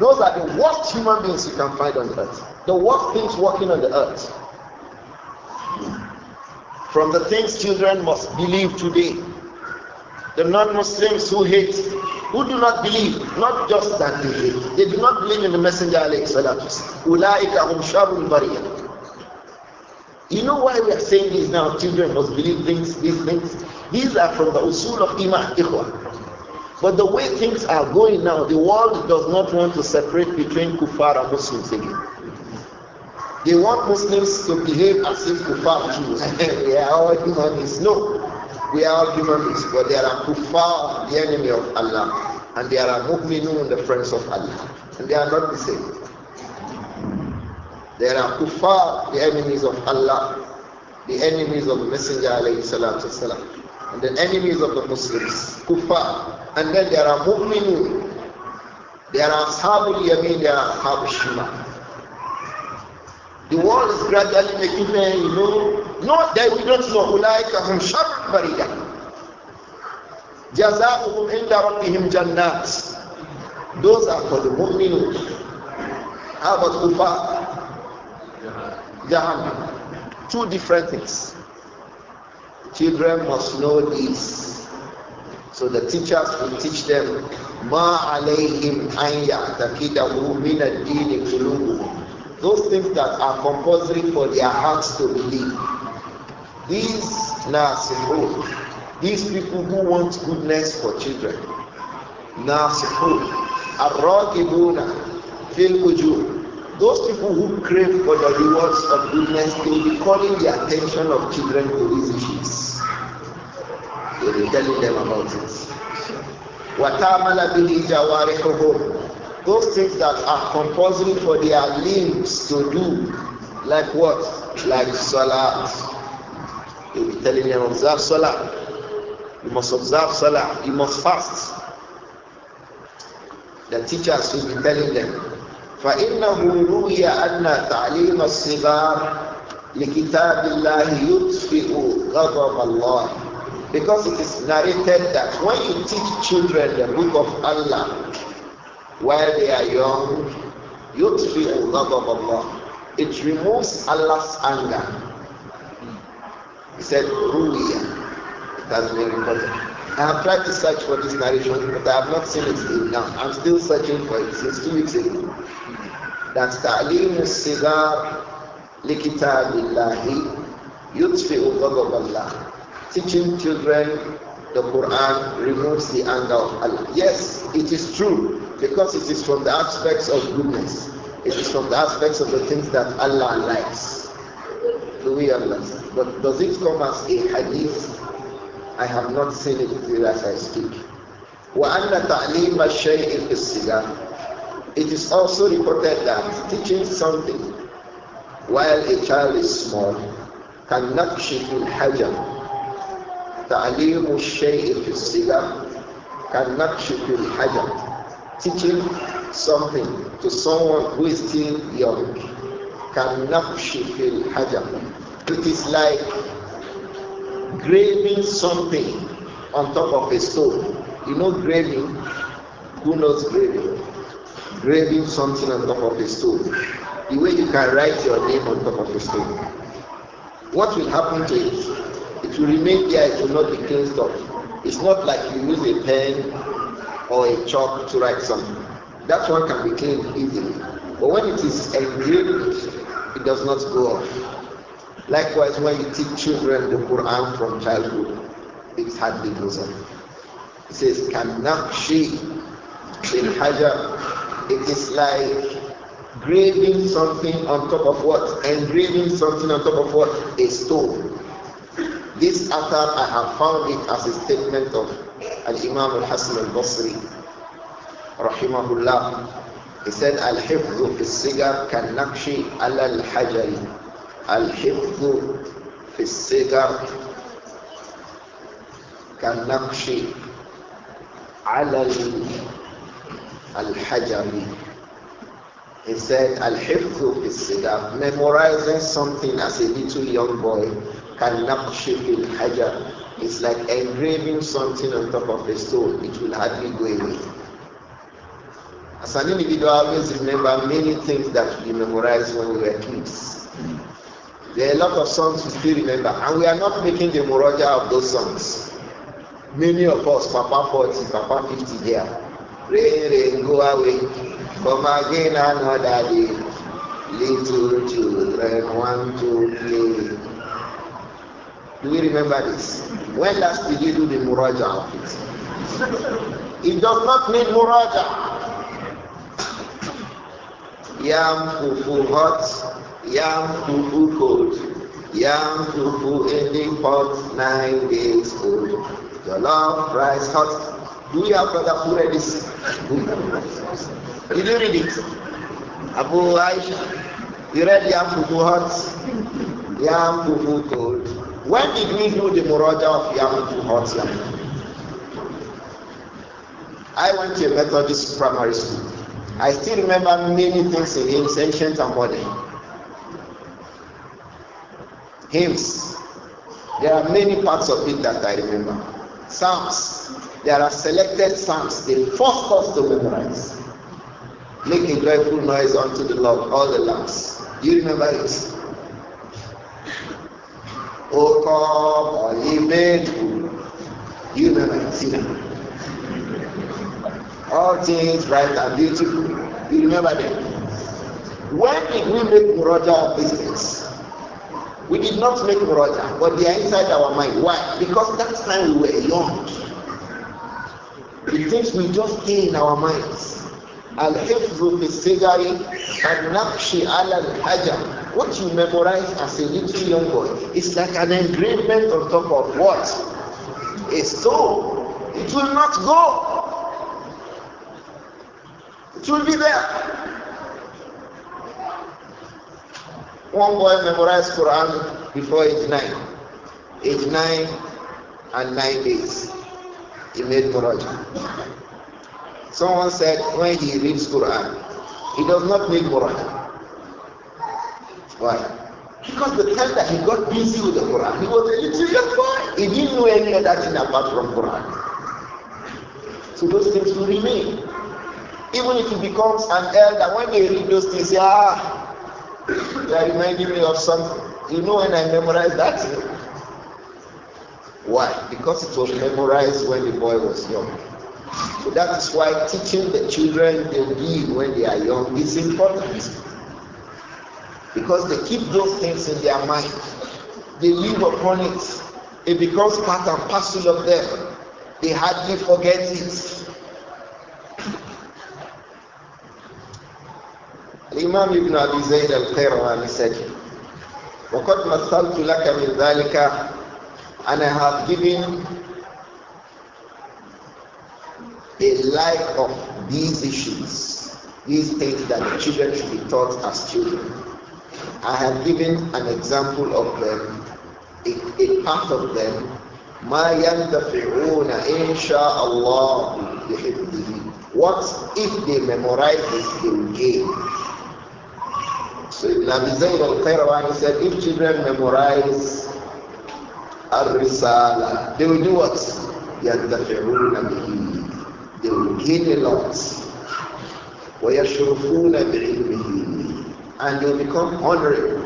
Those are the worst human beings you can find on the earth. The worst things walking on the earth. From the things children must believe today. The non-Muslims who hate, who do not believe, not just that they hate, they do not believe in the Messenger alayhi salatu. Ulaika hum bariya. You know why we are saying this now? Children must believe things, these things. These are from the usul of iman, ikhwa. But the way things are going now, the world does not want to separate between kuffar and Muslims again. They want Muslims to behave as if kuffar Jews. We are all human beings. No, we are all human beings, but there are kuffar, the enemy of Allah, and there are mu'minun, the friends of Allah, and they are not the same. There are kuffar, the enemies of Allah, the enemies of the Messenger والسلام, and the enemies of the Muslims, kuffar. And then there are mu'minun, there are ashabul yameen, there are ashabul shima. The world is gradually making men, you know, not that we don't know, ulaikahum sharr barida. Jaza'uhum inda rabbihim jannat. Those are for the mu'minun. How about kuffar? Jahannam. Two different things. Children must know this. So the teachers will teach them Ma alayhim an ya'taqidahu min ad-din qulubuhum. Those things that are compulsory for their hearts to believe. These nasihun, these people who want goodness for children. Nasihun, ar-raqibuna fil ujur. Those people who crave for the rewards of goodness, they will be calling the attention of children to these issues. They will be telling them about it. وَتَعْمَلَ بِهِ جَوَارِحُهُمْ Those things that are compulsory for their limbs to do, like what? Like salah. They will be telling them, observe salah. You must observe salah. You must fast. The teachers will be telling them, فإنه روي أن تعليم الصغار لكتاب الله يطفئ غضب الله because it is narrated that when you teach children the book of Allah while they are young يطفئ غضب الله it removes Allah's anger he said ruya it has been reported I have tried to search for this narration but I have not seen it till now I'm still searching for it since two weeks ago that تعليم الصغار لكتاب الله يطفئ غضب الله teaching children the Quran removes the anger of Allah. Yes, it is true because it is from the aspects of goodness. It is from the aspects of the things that Allah likes. Do we understand? But does it come as a hadith? I have not seen it till as I speak. وأن تعليم الشيء في السجارة it is also reported that teaching something while a child is small can نقشه الحجر تعليم الشيء في الصغر كنقشه الحجر teaching something to someone who is still young كنقشه الحجر it is like graving something on top of a stone you know graving who knows graving graving something on top of the stone. The way you can write your name on top of the stone. What will happen to it? It will remain there, it will not be cleansed off. It's not like you use a pen or a chalk to write something. That one can be cleaned easily. But when it is engraved, it does not go off. Likewise, when you teach children the Quran from childhood, it hardly goes off. It says, "Can نقشي in Hajj." It is like graving something on top of what? Engraving something on top of what? A stone. This author, I have found it as a statement of Al Imam Al Hassan Al Basri, rahimahullah. He said, Al Hifzu fi Sigar kan Naqshi ala Al Hajari. Al Hifzu fi Sigar kan Naqshi ala Al Al-Hajari. He said, Al-Hifzu is-Sidaq. Memorizing something as a little young boy can naqshi fil hajar. It's like engraving something on top of a stone. It will hardly go away. As an individual, I always remember many things that we memorized when we were kids. There are a lot of songs we still remember, and we are not making the moraja of those songs. Many of us, Papa 40, Papa 50 there. Rere go away. Come again another day. Little children want to play. Do we remember this? When last did you do the Muraja of it? It does not need Muraja. Yam fufu hot, yam fufu cold. Yam fufu in the pot, nine days old. Your love rice hot, Do you have brother who read this? Did you read it? Abu Aisha, you read Ya Fufu Hot? Ya Fufu told. When did we do the Muraja of Ya Fufu Hot? Ya? I went to a Methodist primary school. I still remember many things in hymns, ancient and modern. Hymns. There are many parts of it that I remember. Psalms. There are selected psalms they force us to memorize. Make a joyful noise unto the Lord, all the lambs. Do you remember it? O come, ye faithful. Do You remember it, Sina. All things bright and beautiful. Do You remember them. When did we make Muraja business? We did not make Muraja, but they are inside our mind. Why? Because that time we were young. The things we just stay in our minds. Al-Hifzu Fisegari al Naqshi al-Hajar. What you memorize as a little young boy is like an engravement on top of what? A stone. It will not go. It will be there. One boy memorized Quran before age nine. Age nine and nine days. he made Quran. Someone said when he reads Quran, he does not make Quran. Why? Because the time that he got busy with the Quran, he was a little boy. He didn't know any other thing apart from Quran. So those things will remain. Even if he becomes an elder, when they read those things, yeah, they are reminding me of something. You know when I memorized that? Why? Because it was memorized when the boy was young. So that is why teaching the children the deen when they are young is important. Because they keep those things in their mind. They live upon it. It becomes part and parcel of them. They hardly forget it. Imam Ibn Abi Zayd al-Qayrawani وقد مثلت لك من ذلك and I have given a light of these issues, these things that the children should be taught as children. I have given an example of them, a, a part of them. My ينتفعون إن what if they memorize this they will gain so Ibn Abi Zayd al-Qayrawani said if children memorize الرسالة they will do what يدفعون به they will gain a lot ويشرفون بعلمه and you become honorable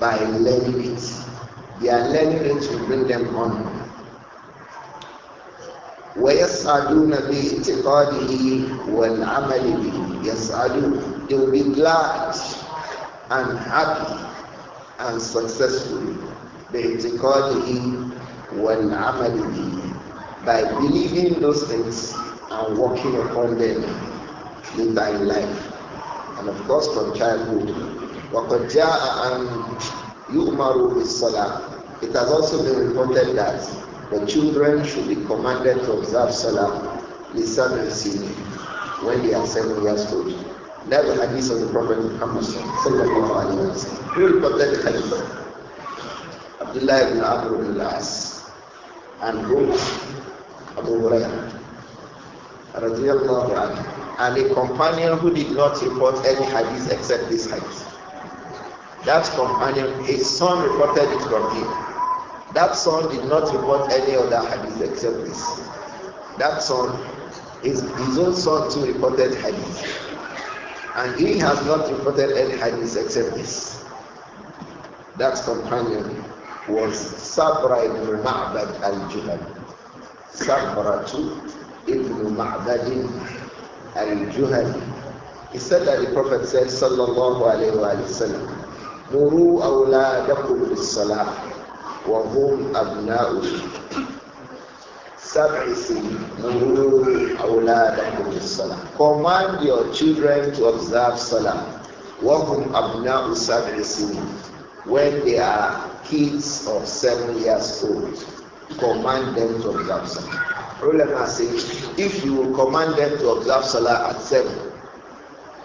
by learning it their learning it will bring them honor ويسعدون باعتقاده والعمل به يسعدون they will be glad and happy and successfully بِاعْتِقَادِهِ وَالْعَمَلِ بِهِ by believing those things and working upon them later in life and of course from childhood وَقَدْ and أَنْ يُؤْمَرُ Salah. It has also been reported that the children should be commanded to observe Salah لِسَنْ when they are seven years old that's the hadith of the Prophet Muhammad sallallahu alayhi wa sallam. Who reported hadith? Abdullah ibn Amr ibn al-As and who? Abu Hurairah radiallahu anhu and a companion who did not report any hadith except this hadith. That companion, his son reported it from him. That son did not report any other hadith except this. That son, his, his own son too reported hadith. And he has not reported any hadith except this. That companion was Sabra ibn Ma'bad al-Juhani. Sabra ibn Ma'bad al juhal He said that the Prophet said, Sallallahu alayhi wa sallam, Muru awladakum bis-salah wa hum abna'u." سبع سنين أولادكم command your children to observe salah وهم أبناء سبع سنين when they are kids of seven years old command them to observe salah ulama say if you will command them to observe salah at seven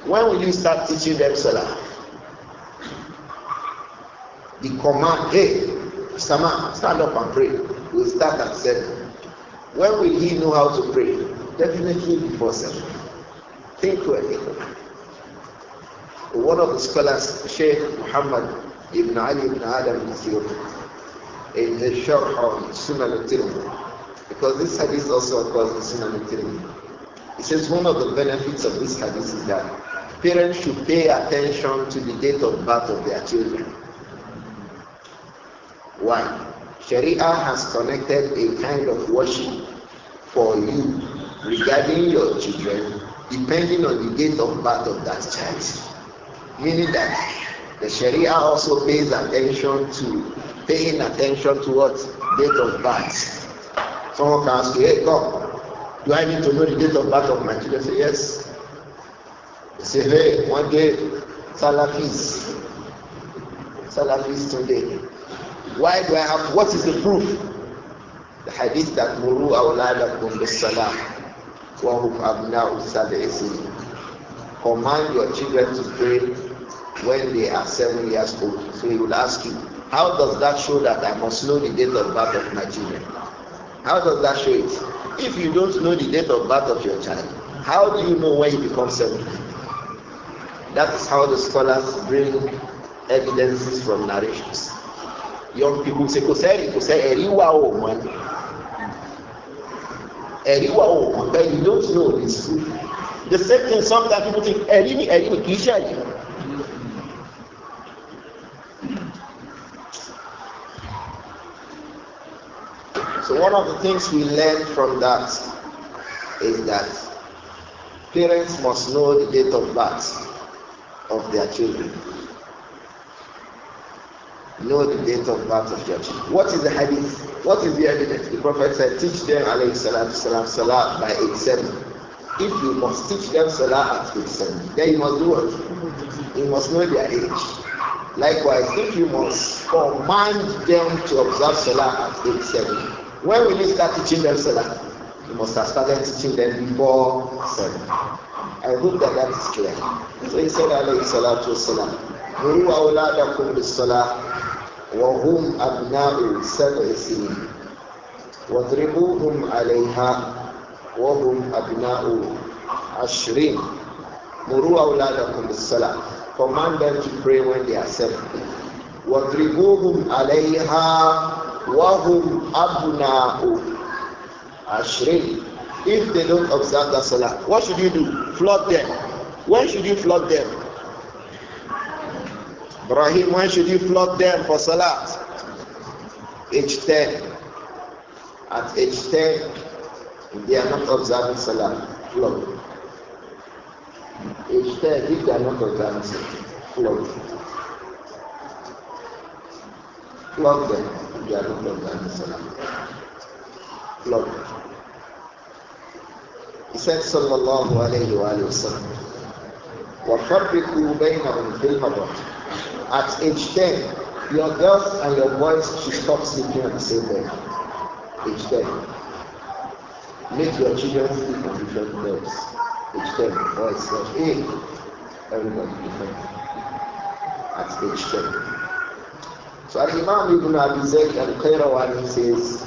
when will you start teaching them salah the command hey sama stand up and pray we we'll start at seven when will he know how to pray? Definitely before seven. Think well. One of the scholars, Sheikh Muhammad ibn Ali ibn Adam al in his Sharh on Sunan al-Tirmidhi, because this hadith also occurs in Sunan al-Tirmidhi. He says one of the benefits of this hadith is that parents should pay attention to the date of birth of their children. Why? Sharia has connected a kind of worship for you regarding your children depending on the date of birth of that child. Meaning that the Sharia also pays attention to paying attention to what date of birth. Someone can ask you, hey God, do I need to know the date of birth of my children? Say yes. They say, hey, one day Salafis. Salafis today. Why do I have? What is the proof? The hadith that muru awladakum bis salah wa hum abna'u Command your children to pray when they are seven years old. So he will ask you, how does that show that I must know the date of birth of my children? How does that show it? If you don't know the date of birth of your child, how do you know when he becomes seven? That is how the scholars bring evidences from narrations yọ̀ǹpìkù ṣe kò sẹ́ẹ̀rì kò sẹ́ ẹ̀rí wà ó mọ̀ ẹ́ ẹ̀rí wà you don't know this the same thing sometimes people think ẹ̀rí ni ẹ̀rí ni kì í ṣe So one of the things we learn from that is that parents must know the date of birth of their children know the date of birth of your child. What is the hadith? What is the evidence? The Prophet said, teach them alayhi salatu salam salah by age seven. If you must teach them salah at age seven, then you must do what? You must know their age. Likewise, if you must command them to observe salah at age seven, when will you start teaching them salah? You must have started teaching them before seven. I hope that that is clear. So he said alayhi salatu salam. وهم أبناء سبع سنين واضربوهم عليها وهم أبناء عشرين مروا أولادكم بالصلاة command them to pray when they are seven واضربوهم عليها وهم أبناء عشرين if they don't observe the salah what should you do Flood them when should you flood them Ibrahim, when should you flog them for Salat? Age 10. At age 10, if they are not observing Salat, flog. Age 10, if they are not observing Salat, flog. Flog them if they are not observing Salat. Flog them. He said, Sallallahu Alaihi Wasallam, sallam, وَفَرِّقُوا بَيْنَهُمْ فِي الْمَضَاجِعِ At age 10, your girls and your boys should stop sleeping at the same bed. Age 10. Make your children sleep on different beds. Age 10, boys, girls, age. everybody different. At age 10. So as imam Ibn Abi Zayd al he says,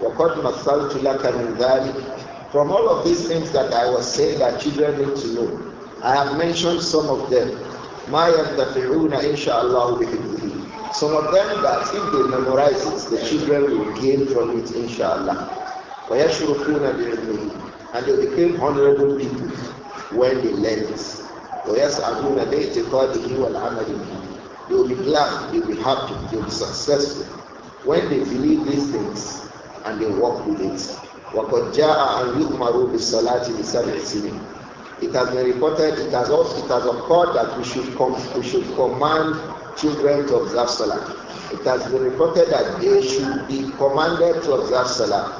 وَقَدْ مَثَّلْتُ لَكَ مِنْ ذَلِكَ From all of these things that I was saying that children need to know, I have mentioned some of them. ما ينتفعون إن شاء الله بحفظه Some of them that if they memorize it, the children will gain from it inshallah. ويشرفون بعلمه and they became honorable people when they learn it. ويسعدون باعتقاده والعمل به They will be glad, they will be happy, they will be successful when they believe these things and they work with it. وقد جاء أن يؤمروا بالصلاة لسبع It has been reported, it has also it has occurred that we should com- we should command children to observe Salah. It has been reported that they should be commanded to observe Salah.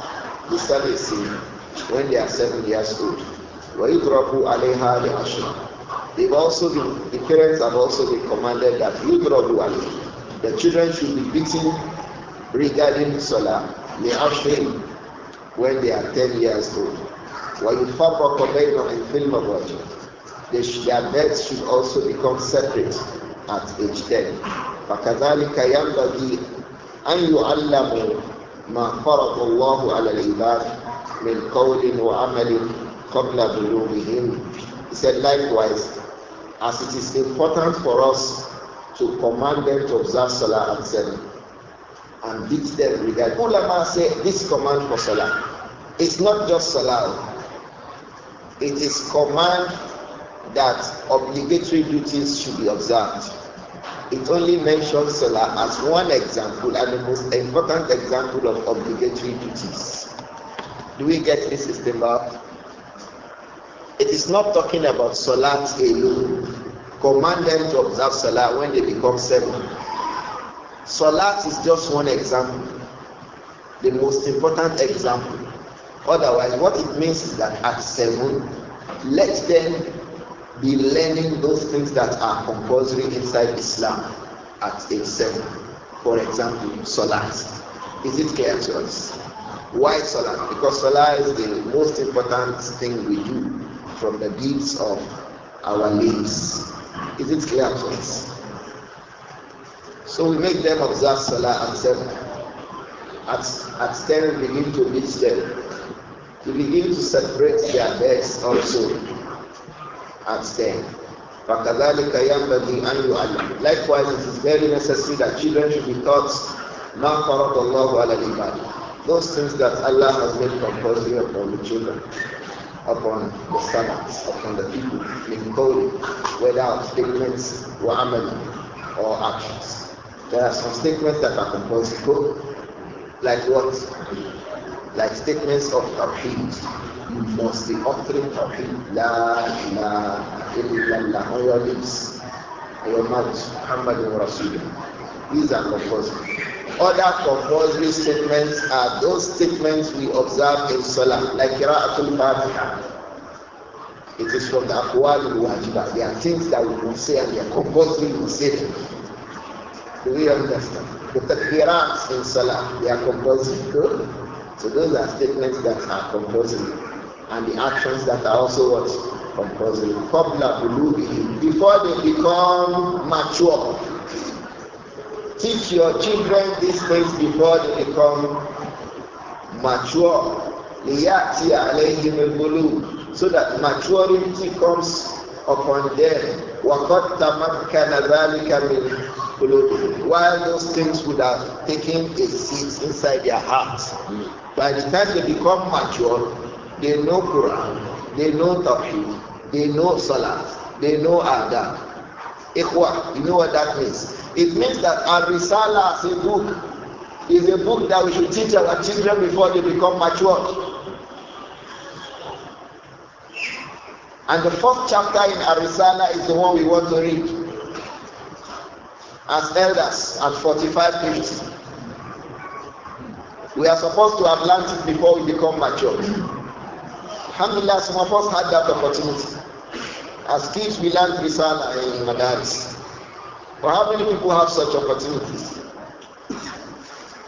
The service when they are seven years old. They've also been, the parents have also been commanded that Yudrabu alayha. The children should be beaten regarding Salah. They have when they are ten years old. وَيُفَرَّقَ بَيْنَهُمْ فِي الْمَضَاجِعِ they should, Their beds should also become separate at age 10. فَكَذَلِكَ يَنْبَغِي أَنْ يُعَلَّمُوا مَا فَرَضَ اللَّهُ عَلَى الْعِبَادِ مِنْ قَوْلٍ وَعَمَلٍ قَبْلَ بُلُوغِهِمْ He said, likewise, as it is important for us to command them to observe Salah at 7 and beat them regard. Ulama say this command for Salah. It's not just Salah. it is command that obligatory duties should be observed. It only mentions Salah as one example and the most important example of obligatory duties. Do we get this Istinbat? It is not talking about Salah alone. Command them to observe Salah when they become seven. Salah is just one example, the most important example. Otherwise, what it means is that at seven, let them be learning those things that are compulsory inside Islam at age seven. For example, Salah. Is it clear to us? Why Salah? Because Salah is the most important thing we do from the deeds of our limbs. Is it clear to us? So we make them observe Salah at seven. At, at ten, we begin to be them to begin to separate their beds also at them. Likewise, it is very necessary that children should be taught not for Allah على العباد those things that Allah has made compulsory upon the children upon the servants upon the people in code without statements وعمل or actions there are some statements that are compulsory like what like statements of Tawheed. You must be uttering Tawheed, La la illallah, on your lips, on your mouth, Muhammad Rasulullah. These are compulsory. Other compulsory statements are those statements we observe in Salah, like kiraatul Fatiha. It is from the Aqwal al-Wajiba. There are things that we will say and they are compulsory we say them. Do we understand? The takbirats in Salah, they are compulsory. too. So those are statements that are compulsory, and the actions that are also what compulsory. Popular bulughihim, before they become mature. Teach your children these things before they become mature. So that maturity comes upon them followed While those things would have taken a seat inside their hearts. By the time they become mature, they know Quran, they know Tawheed, they know Salah, they know Adab. Ikhwa, you know what that means? It means that our Risala as a book is a book that we should teach our children before they become mature. And the fourth chapter in Arisala is the one we want to read as elders at 45, 50. We are supposed to have learned it before we become mature. Alhamdulillah, some of us had that opportunity. As kids, we learn Risala in Madaris. But how many people have such opportunities?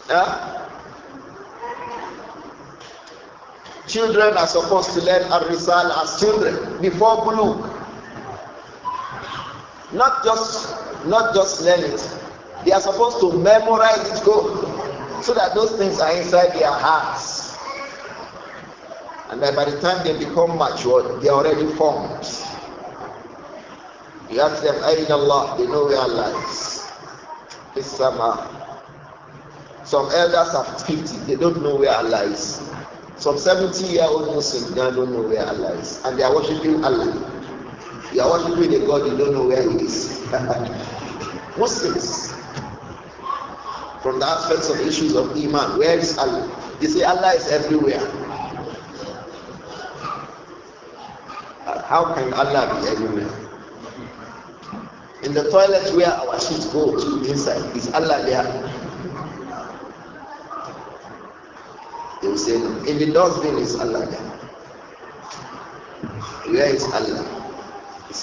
Yeah? Children are supposed to learn Arisal as children before Buluk. Not just not just learn it. They are supposed to memorize it, go, so that those things are inside their hearts. And then by the time they become mature, they are already formed. You ask them, Ayn Allah, they know where Allah is. It's summer. Some elders are 50, they don't know where Allah is. Some 70 year old Muslims, they don't know where Allah is. And they are worshipping Allah. They are worshipping the God, they don't know where He is. Muslims. From the aspects of issues of Iman, where is Allah? You see, Allah is everywhere. How can Allah be everywhere? In the toilet where our sheets go to inside, is Allah there? They will say, in the dustbin is Allah there. Where is Allah? Allah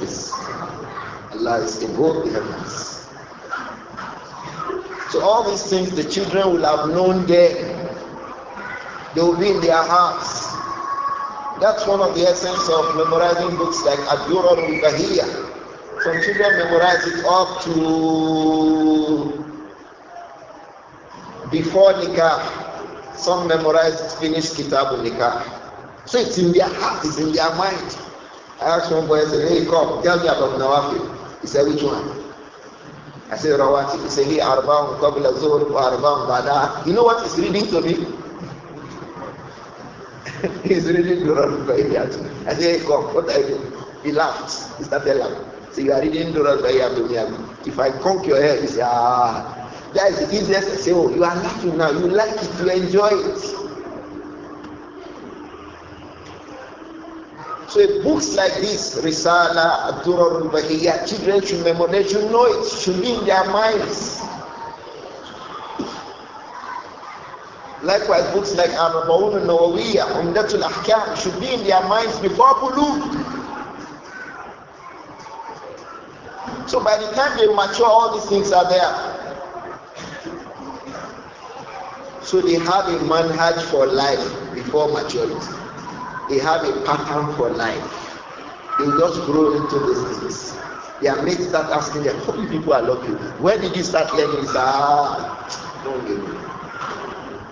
is above the heavens. So all these things the children will have known there. They will be in their hearts. That's one of the essence of memorizing books like Abdurrah Rubahiya. Some children memorize it up to before Nikah. Some memorize it, finish Kitab Nikah. So it's in their heart, it's in their mind. I asked one boy, I said, hey, come, tell me about Nawafi." He said, which one? I said, Rawatib. He said, hey, Arbaun, Qabla Zuhr, Arbaun, Bada. You know what he's reading to me? he's reading Durand Bayat. I said, hey, come, what are you doing? He laughed. He started laughing. So you are reading Durand Bayat to me. If I conk your head, he said, ah. That is the easiest. I say, oh, you are laughing now. You like it, you enjoy it. So books like this, Risala, Abdurrahman Bahiyya, children should memorize, should know it, should be in their minds. Likewise, books like Arba'un al Nawawiya, Umdatul Ahkam should be in their minds before puberty. So by the time they mature, all these things are there. So they have a manhaj for life before maturity. They have a pattern for life. They just grow into these things. Their mates start asking them, How many people are lucky? Where did you start learning this? Ah, long ago.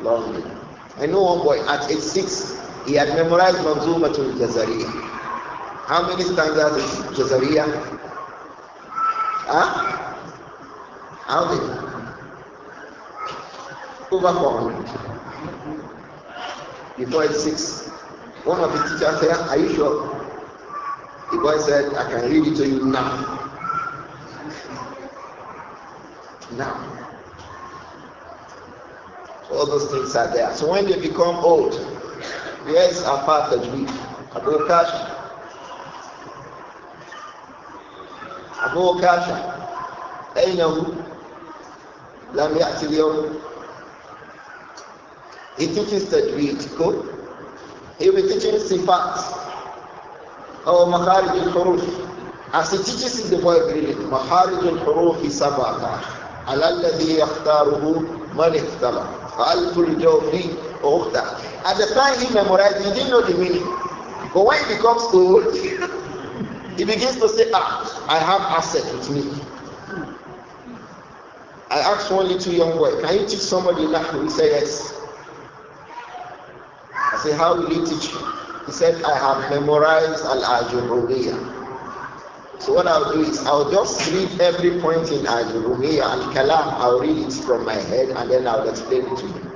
Long ago. I know one boy at age six, he had memorized Manzuma to Jazariya. How many standards is Jazariya? Huh? How many? Over 400. Before age six. One of the teachers said, Are you sure? The boy said, I can read it to you now. Now. All those things are there. So when they become old, yes, is our part of we? Abu Kasha. Abu Kasha. أينه لم يأتي اليوم. He teaches that we go He'll be teaching sifat or makharij al-huruf. As he teaches in the word reading, makharij al-huruf is sabata. على الذي يختاره من اختار فألف الجوفي أختار At the time he memorized, he didn't know the meaning. But when he becomes old, he begins to say, ah, I have asset with me. I asked only two young boys, can you teach somebody Nahu? He said, yes. I said, How will you teach me? He said, I have memorized Al Ajurubiyah. So what I'll do is I'll just read every point in Ajurubiyah Al Kalam. I'll read it from my head and then I'll explain it to him.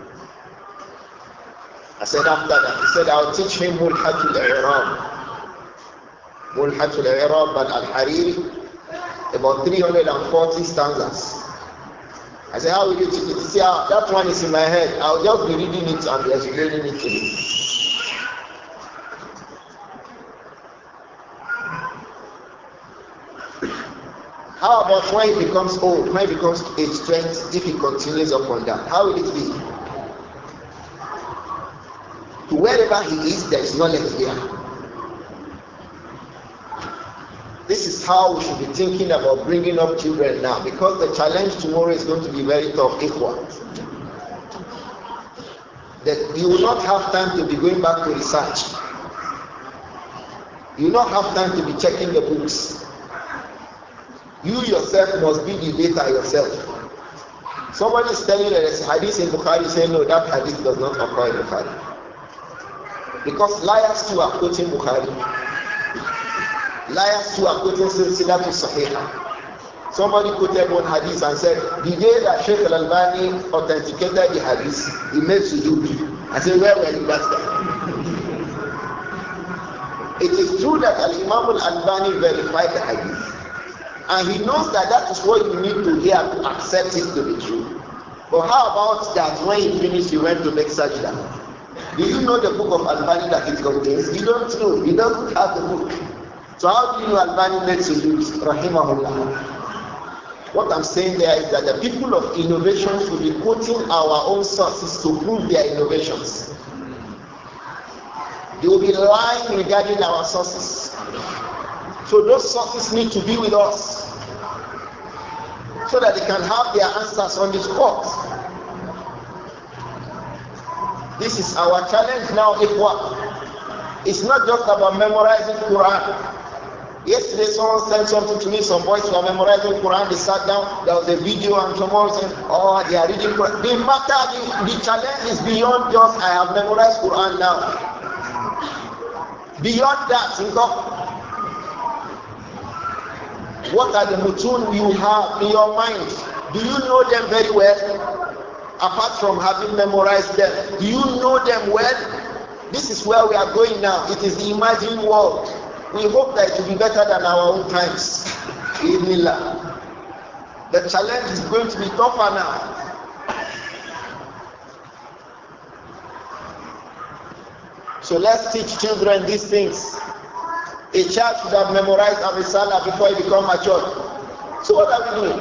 I said after that, he said, I'll teach him Mulhatul Iraq. Mulhatul Iraq but Al Hariri, about 340 stanzas. I said, How will you take it? He said, That one is in my head. I'll just be reading it and explaining it to you. How about when it becomes old, when it becomes a 20, if it continues upon that? How will it be? Wherever he is, there is knowledge there. This is how we should be thinking about bringing up children now because the challenge tomorrow is going to be very tough. Equal. That you will not have time to be going back to research. You will not have time to be checking the books. You yourself must be the data yourself. Somebody is telling you that there's hadith in Bukhari saying, No, that hadith does not occur in Bukhari. Because liars too are quoting Bukhari. liars who are quoting Silsila to Sahih. Somebody quoted one hadith and said, The day that Sheikh Al Albani authenticated the hadith, he made sujood. I said, Where were you last time? it is true that Al Imam Al Albani verified the hadith. And he knows that that is what you need to hear to accept it to be true. But how about that when he finished, he went to make sajda? Do you know the book of Al Albani that it contains? You don't know. You don't have the book. So how do you Albani make to lose? Rahimahullah. What I'm saying there is that the people of innovations will be quoting our own sources to prove their innovations. They will be lying regarding our sources. So those sources need to be with us so that they can have their answers on the spot. This is our challenge now, if what? It's not just about memorizing Quran. Yesterday, someone sent something to me. Some boys memorized memorizing Quran. They sat down. There was a video and someone said, "Oh, they are reading Quran." The matter, the, the challenge is beyond just I have memorized Quran now. Beyond that, you what are the mutun you have in your mind? Do you know them very well? Apart from having memorized them, do you know them well? This is where we are going now. It is the imagined world. we hope that it will be better than our own times. in Nila. The challenge is going to be tougher now. So let's teach children these things. A child should have memorized Abu before he become mature. So what are we doing?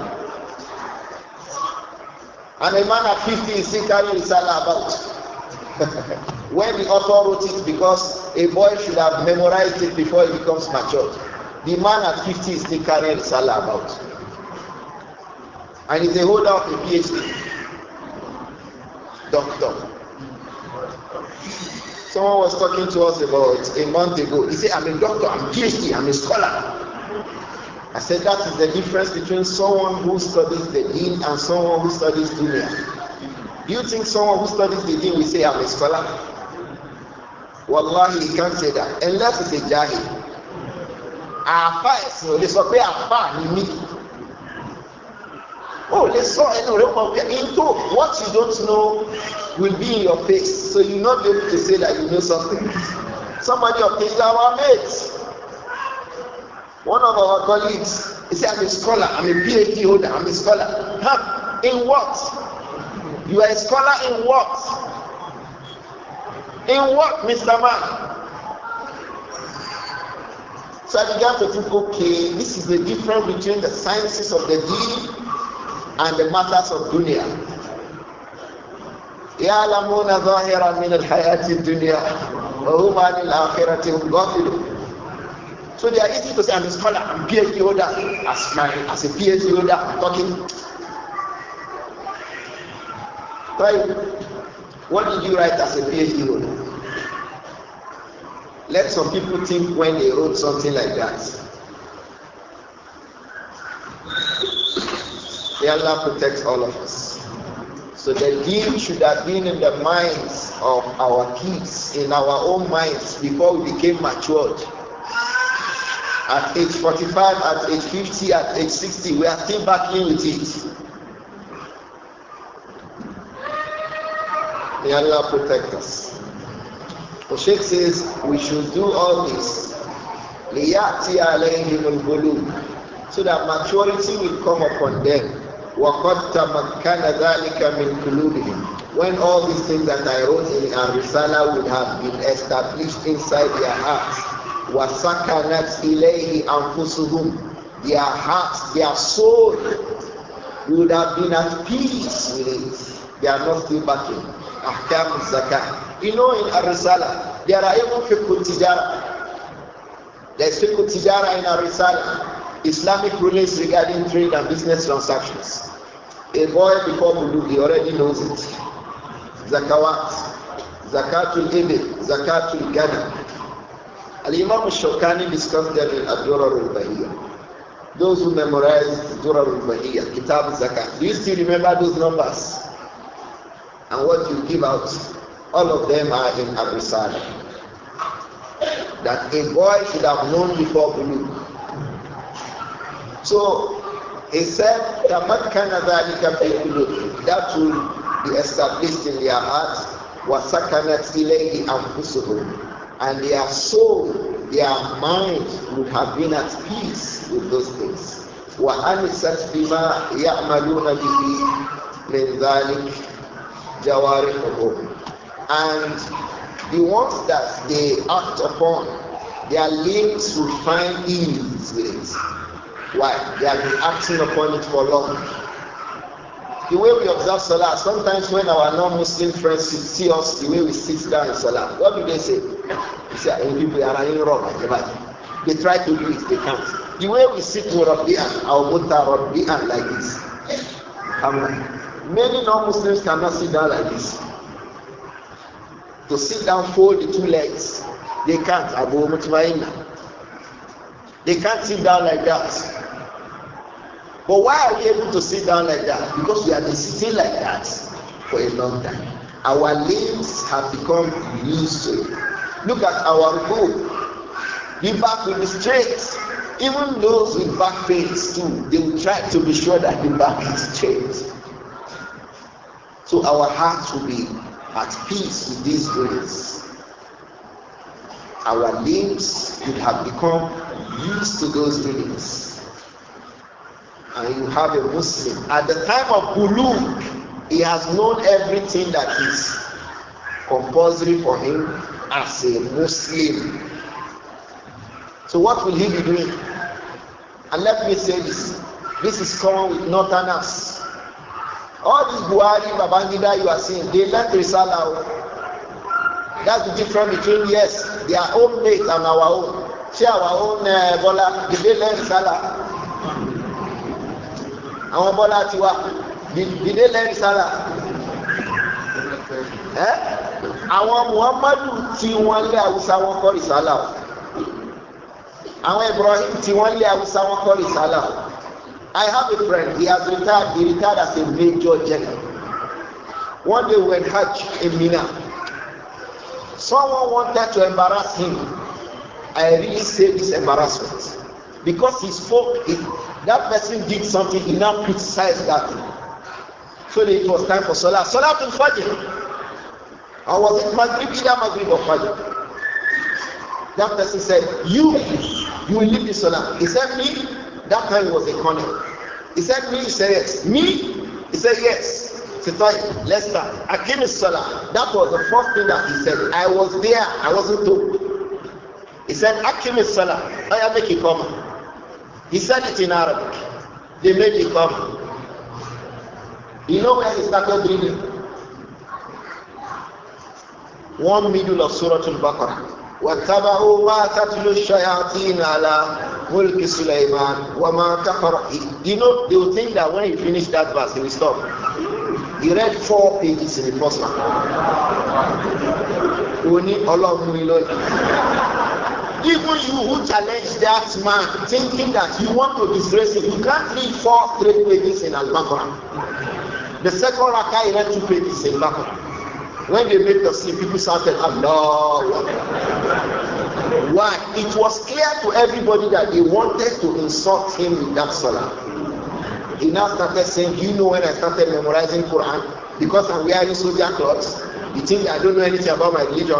And a man at fifty is still carrying Salah about. when the author wrote it, because a boy should have memorized it before he becomes matured. The man at 50 is still carrying Risala about. And he's a holder of a PhD. Doctor. Someone was talking to us about a month ago. He said, I'm a doctor, I'm PhD, I'm a scholar. I said that is the difference between someone who studies the deen and someone who studies dunya. You think someone who studies the deen will say, I'm a scholar? Wallahi, he can't say that. Unless it's a jahil. Afa ẹ̀sìn ò lè sọ pé àfa ni mí. Oh, lè sọ ẹnu rẹ pọ̀ pé into what you don't know will be in your face so you no be able to say that you know something. Somebody of his our mate. One of our colleagues, he say I'm a scholar, I'm a PhD holder, I'm a scholar. Huh? In what? You are a scholar in what? In what, Mr. Man? So I began to think, okay, this is the difference between the sciences of the deen and the matters of dunya. يعلمون ظاهرا من الحياة الدنيا وهم عن الآخرة هم غافلون So they are easy to say, I'm a scholar, I'm PhD holder, as, my, as a PhD holder, I'm talking Right? What did you write as a PhD holder? Let some people think when they wrote something like that. May Allah protects all of us. So the deen should have been in the minds of our kids, in our own minds, before we became matured. At age 45, at age 50, at age 60, we are still battling with it. May Allah protect us. The Sheikh says we should do all this. So that maturity will come upon them. ذَلِكَ مِنْ When all these things that I wrote in our Risala would have been established inside their hearts. وَسَكَنَتْ إِلَيْهِ أَنفُسُهُمْ Their hearts, their soul would have been at peace with it. They are not still battling. ahkam zakah. You know in Arisala, there are even fiqh tijara. There is fiqh tijara in Arisala, Islamic rulings regarding trade and business transactions. A boy before Bulu, he already knows it. Zakawat, Zakatul Ibn, Zakatul Ghana. Al-Imam Shokani discussed them in Ad-Durar those who memorized Surah al Kitab Zakat. Do you still remember those numbers? and what you give out, all of them are in Abu That a boy should have known before blue. So he said, تَمَكَّنَ ذَلِكَ فِي blue? That will be established in their hearts. وَسَكَنَتْ إِلَيْهِ أَنفُسُهُمْ And their soul, their mind would have been at peace with those things. وَأَنِسَتْ بِمَا يَعْمَلُونَ بِهِ مِنْ ذَلِكَ Jawari jawarihuhum and the ones that they act upon their limbs will find ease with it why they have been acting upon it for long the way we observe salah sometimes when our non-muslim friends see us the way we sit down in salah what do they say they say hey, people are running wrong they try to do it they can't the way we sit to rabbi'an our muta rabbi'an like this I'm like, Many non-Muslims cannot sit down like this. To sit down, fold the two legs. They can't. Abu Mutmainna. They can't sit down like that. But why are we able to sit down like that? Because we have been sitting like that for a long time. Our limbs have become used to it. Look at our group. The back will be straight. Even those with back pains too, they will try to be sure that the back is straight. So our hearts will be at peace with these grace. Our limbs would have become used to those rulings. And you have a Muslim. At the time of Buluk, he has known everything that is compulsory for him as a Muslim. So what will he be doing? And let me say this. This is common with northerners All this Buhari, Babangida you are seeing, they learn left Risala. Oh. That's the difference between, yes, their own mate and our own. See our own uh, eh, Bola, did they learn Risala? Our Bola Tiwa, did, did they learn Risala? Eh? Àwọn Muhammadu tí wọ́n lé Awúsá wọn kọ́ Risala. Oh. Àwọn Ibrahim tí wọ́n lé Awúsá wọn kọ́ Risala. Oh. I have a friend, he has retired, he retired as a major general. One day we were Hajj in Mina. Ah, someone wanted to embarrass him. I really saved this embarrassment. Because he spoke, he, that person did something, he now criticized that thing. So it was time for Salah. Salah to Fajr. I was it Maghrib, either Maghrib or Fajr. That person said, You, you will leave the Salah. He said, Me, That time he was a colonel. He said, Me? He said, Yes. Me? He said, Yes. Sitoi, let's start. Akim That was the first thing that he said. I was there. I wasn't told. He said, Akim Salah. I oh, make it come. He said it in Arabic. They made it come. You know where he started reading? One middle of Surah Al Baqarah. واتبعوا ما تتلو الشياطين على ملك سليمان وما كفر you know they will think that when he finish that verse he will stop he read four pages in the first one oni ọlọ́run mi lónìí even you who challenge that man thinking that you want to disgrace him you can't read four three pages in al the second raka he read two pages in al When they made the scene, people started. Allah. Why? It was clear to everybody that they wanted to insult him with that salah. He now started saying, you know when I started memorizing Quran? Because I'm wearing soldier clothes. You think I don't know anything about my religion?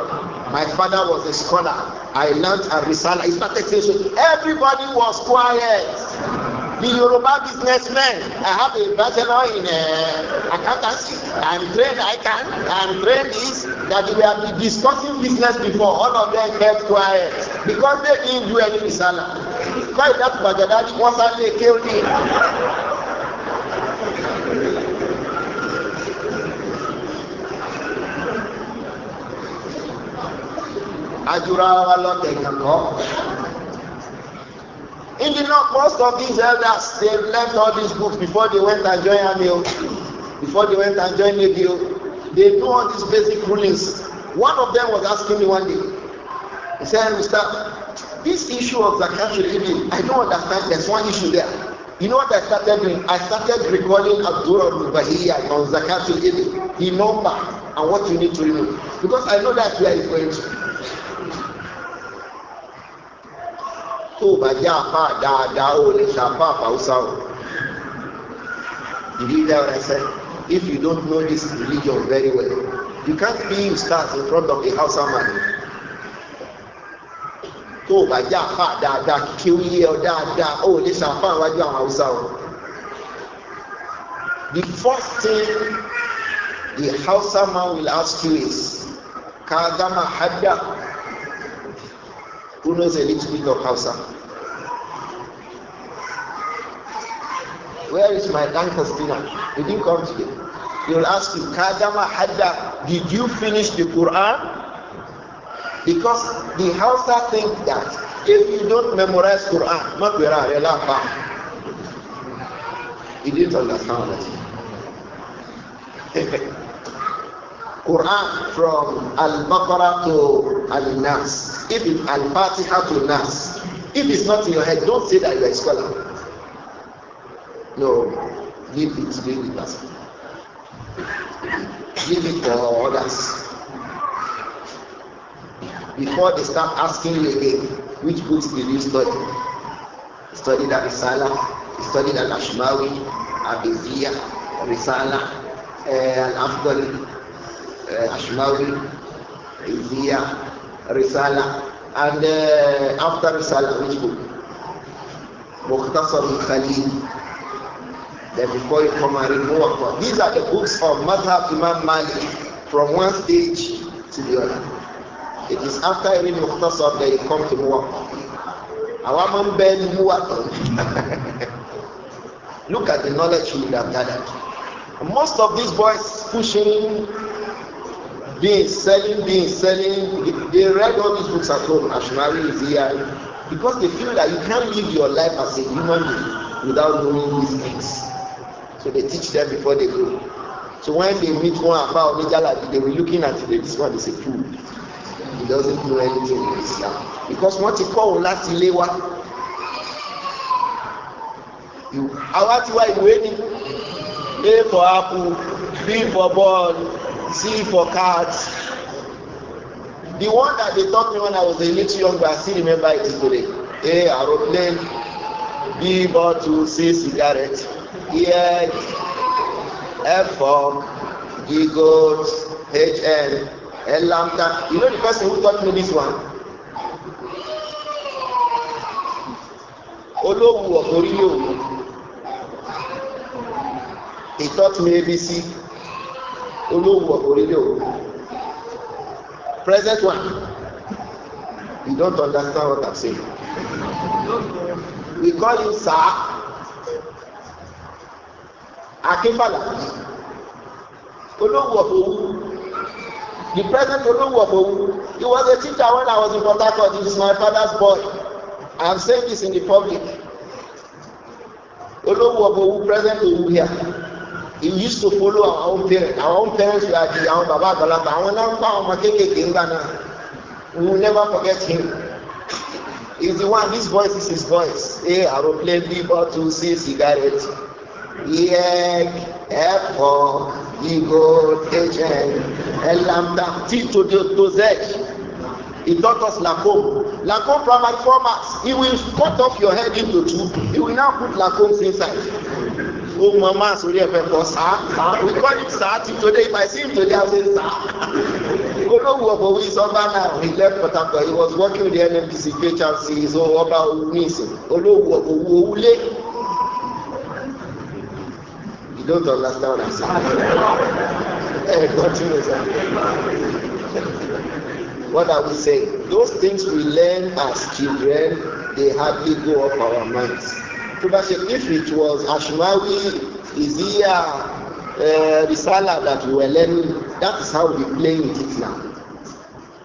My father was a scholar. I learned a risala. He started saying, so Everybody was quiet the Yoruba businessmen. I have a bachelor in uh, accountancy. I'm trained I ICANN. I'm trained is That we have been discussing business before. All of them get quiet because they didn't do any misala. Why that Baghdadi was only killed me. Ajurawa, wa lọ tẹ̀ kankan. In the not, most of these elders, they left all these books before they went and joined AMIO, oh. before they went and joined ABO. Oh. They do all these basic rulings. One of them was asking me one day, he said, Mr. This issue of Zakat Shulibin, I don't understand. There's one issue there. You know what I started doing? I started recalling Abdul Bahiyya on Zakat Shulibin, the number, and what you need to remove. Because I know that where it's going to. tó bá jẹ́ àpá dáadáa ó lè ṣàpá àfàwùsà o. You read that what I said? If you don't know this religion very well, you can't be ustaz in front of a Hausa man. Tó bá jẹ́ àpá dáadáa kí ó yé ọ dáadáa ó lè ṣàpá àwájú àwọn Hausa o. The first thing the Hausa man will ask you is, Kazama Hadda. Who knows a little bit of Hausa? Where is my Dan dinner? He didn't come today. He will ask you, Kadama Hadda, did you finish the Quran? Because the Hausa think that if you don't memorize Quran, not He didn't understand that. Quran from Al-Baqarah to Al-Nas. if it al fatiha to nurse, if it's not in your head don't say that you are a scholar no leave it to the person leave it for others before they start asking you again which books did you study Study that Risala study that Ashmawi Abizia Risala uh, eh, Al-Afghani uh, eh, Ashmawi Abizia. Risala. And uh, after Risala, which book? Muqtasar al-Khalil. Then before you come and read Muwatta. These are the books of Madhab Imam Malik from one stage to the other. It is after you read Muqtasar that you come to Muwatta. Our man Ben Muwatta. Look at the knowledge we have gathered. Most of these boys pushing being selling, being selling. They read all these books at home. Ashmari is here because they feel that you can't live your life as a human being without knowing these things. So they teach them before they go. So when they meet one about Mijalabi, they were looking at it. This one is a fool. He doesn't know anything in Islam because wọ́n ti kọ́ òun láti ilé wa. Àwa ti wá ìwé ni A for apple, B for ball. C for cards. The one that they taught me when I was a little young, but I still remember it today. A eh, aeroplane, B bottle, C cigarette, E egg, F for G goat, H L, L lambda. You know the person who taught me this one? Olówù ọ̀gbọ́n He taught me ABC olówó orílẹ̀ òwò present one you don't understand what i'm saying we call you sir akínfàlà olówó òwò the present olówó òwò he was a teacher when i was in port harcourt he is my father's boy I'm saying this in the public olówó òwò present òwò here he used to follow our own parents our own parents were the our Baba àgbàlagbà àwọn lápá ọmọ kéékèèké ńgbà náà we will never forget him he is the one This voice is his voice ee aeroplane bí bọ́tù sí cigarette yẹ ẹ̀fọ́ ìgò tẹ̀jẹ̀ ẹ̀làmdà tí to the to z he taught us lacombe lacombe primary four marks he will cut off your head into two he will now put lacombe inside ó mọ máa sórí ẹ̀fẹ̀ kọ sáà sáà we call him sáà till today if I see him today I say sáà. olówó ọ̀bọ̀ wí sọ́ba náà he left Port Harcourt he was working with the NNPC PHRC so ọba oníṣẹ́ olówó ọ̀bọ̀ wo owúlé. you don't understand what I'm saying. ẹ continue sir. what are we saying? those things we learn as children they hardly go up our minds. Prophet, if it was Ashmawi, Iziyah, uh, eh, Risala that we were learning, that is how we playing it now.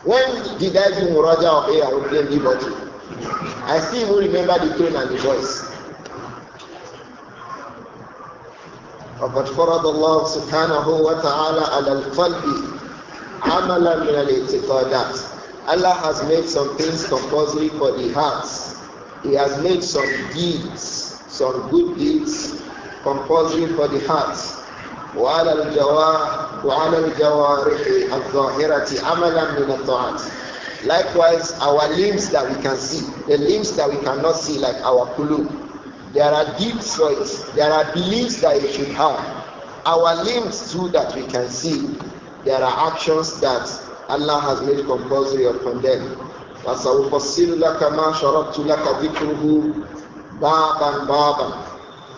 When did I do Muraja of A, We would play Liberty. I still even remember the tone and the voice. وقد فرض الله سبحانه وتعالى على القلب عملا من الاعتقادات Allah has made some things compulsory for the hearts. He has made some deeds some good deeds compulsory for the heart وعلى الجوارح وعلى الجوارح الظاهرة عملا من الطاعات Likewise, our limbs that we can see, the limbs that we cannot see, like our kulu, there are deeds for it. There are beliefs that you should have. Our limbs too that we can see. There are actions that Allah has made compulsory upon them. فَسَوْفَصِلْ لَكَ مَا شَرَبْتُ لَكَ ذِكْرُهُ Baban Baban.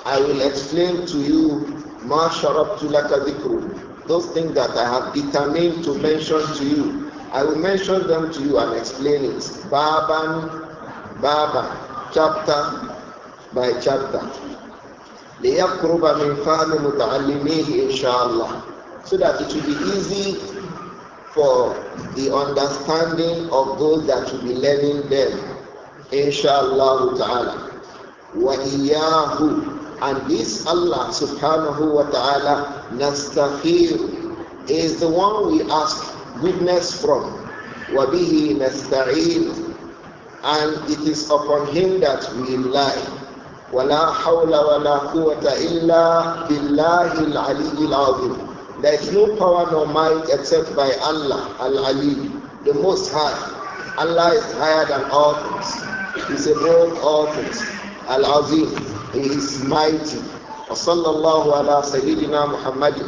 I will explain to you Ma Sharabtu Those things that I have determined to mention to you. I will mention them to you and explain it. Baban Baban. Chapter by chapter. ليقرب من فهم متعلميه إن شاء الله so that it will be easy for the understanding of those that will be learning them inshallah ta'ala وَإِيَّاهُ And this Allah subhanahu wa ta'ala nastaghfir is the one we ask goodness from. وَبِهِ نَسْتَعِينُ And it is upon him that we rely. وَلَا حَوْلَ وَلَا قُوَّةَ إِلَّا بِاللَّهِ الْعَلِيِّ الْعَظِيمِ There is no power nor might except by Allah, Al-Ali, the Most High. Allah is higher than all things. He's above all things. Al-Azim. He is mighty. وصلى الله على سيدنا محمد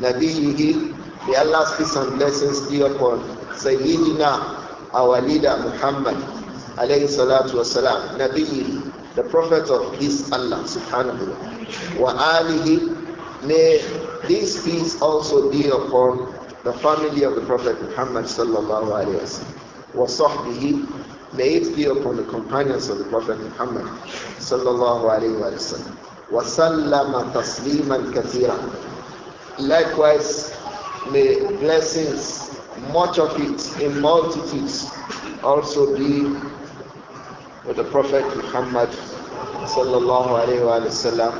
نبيه May Allah's peace and blessings be upon Sayyidina, our leader Muhammad, alayhi salatu wasalam, Nabi, the prophet of his Allah, subhanahu wa alihi. May this peace also be upon the family of the prophet Muhammad, sallallahu alayhi wa wa sahbihi, May it be upon the companions of the Prophet Muhammad sallallahu alaihi wasallam, sallam. وَسَلَّمَ تَسْلِيمًا كَثِيرًا Likewise, may blessings, much of it in multitudes, also be with the Prophet Muhammad sallallahu alaihi wasallam,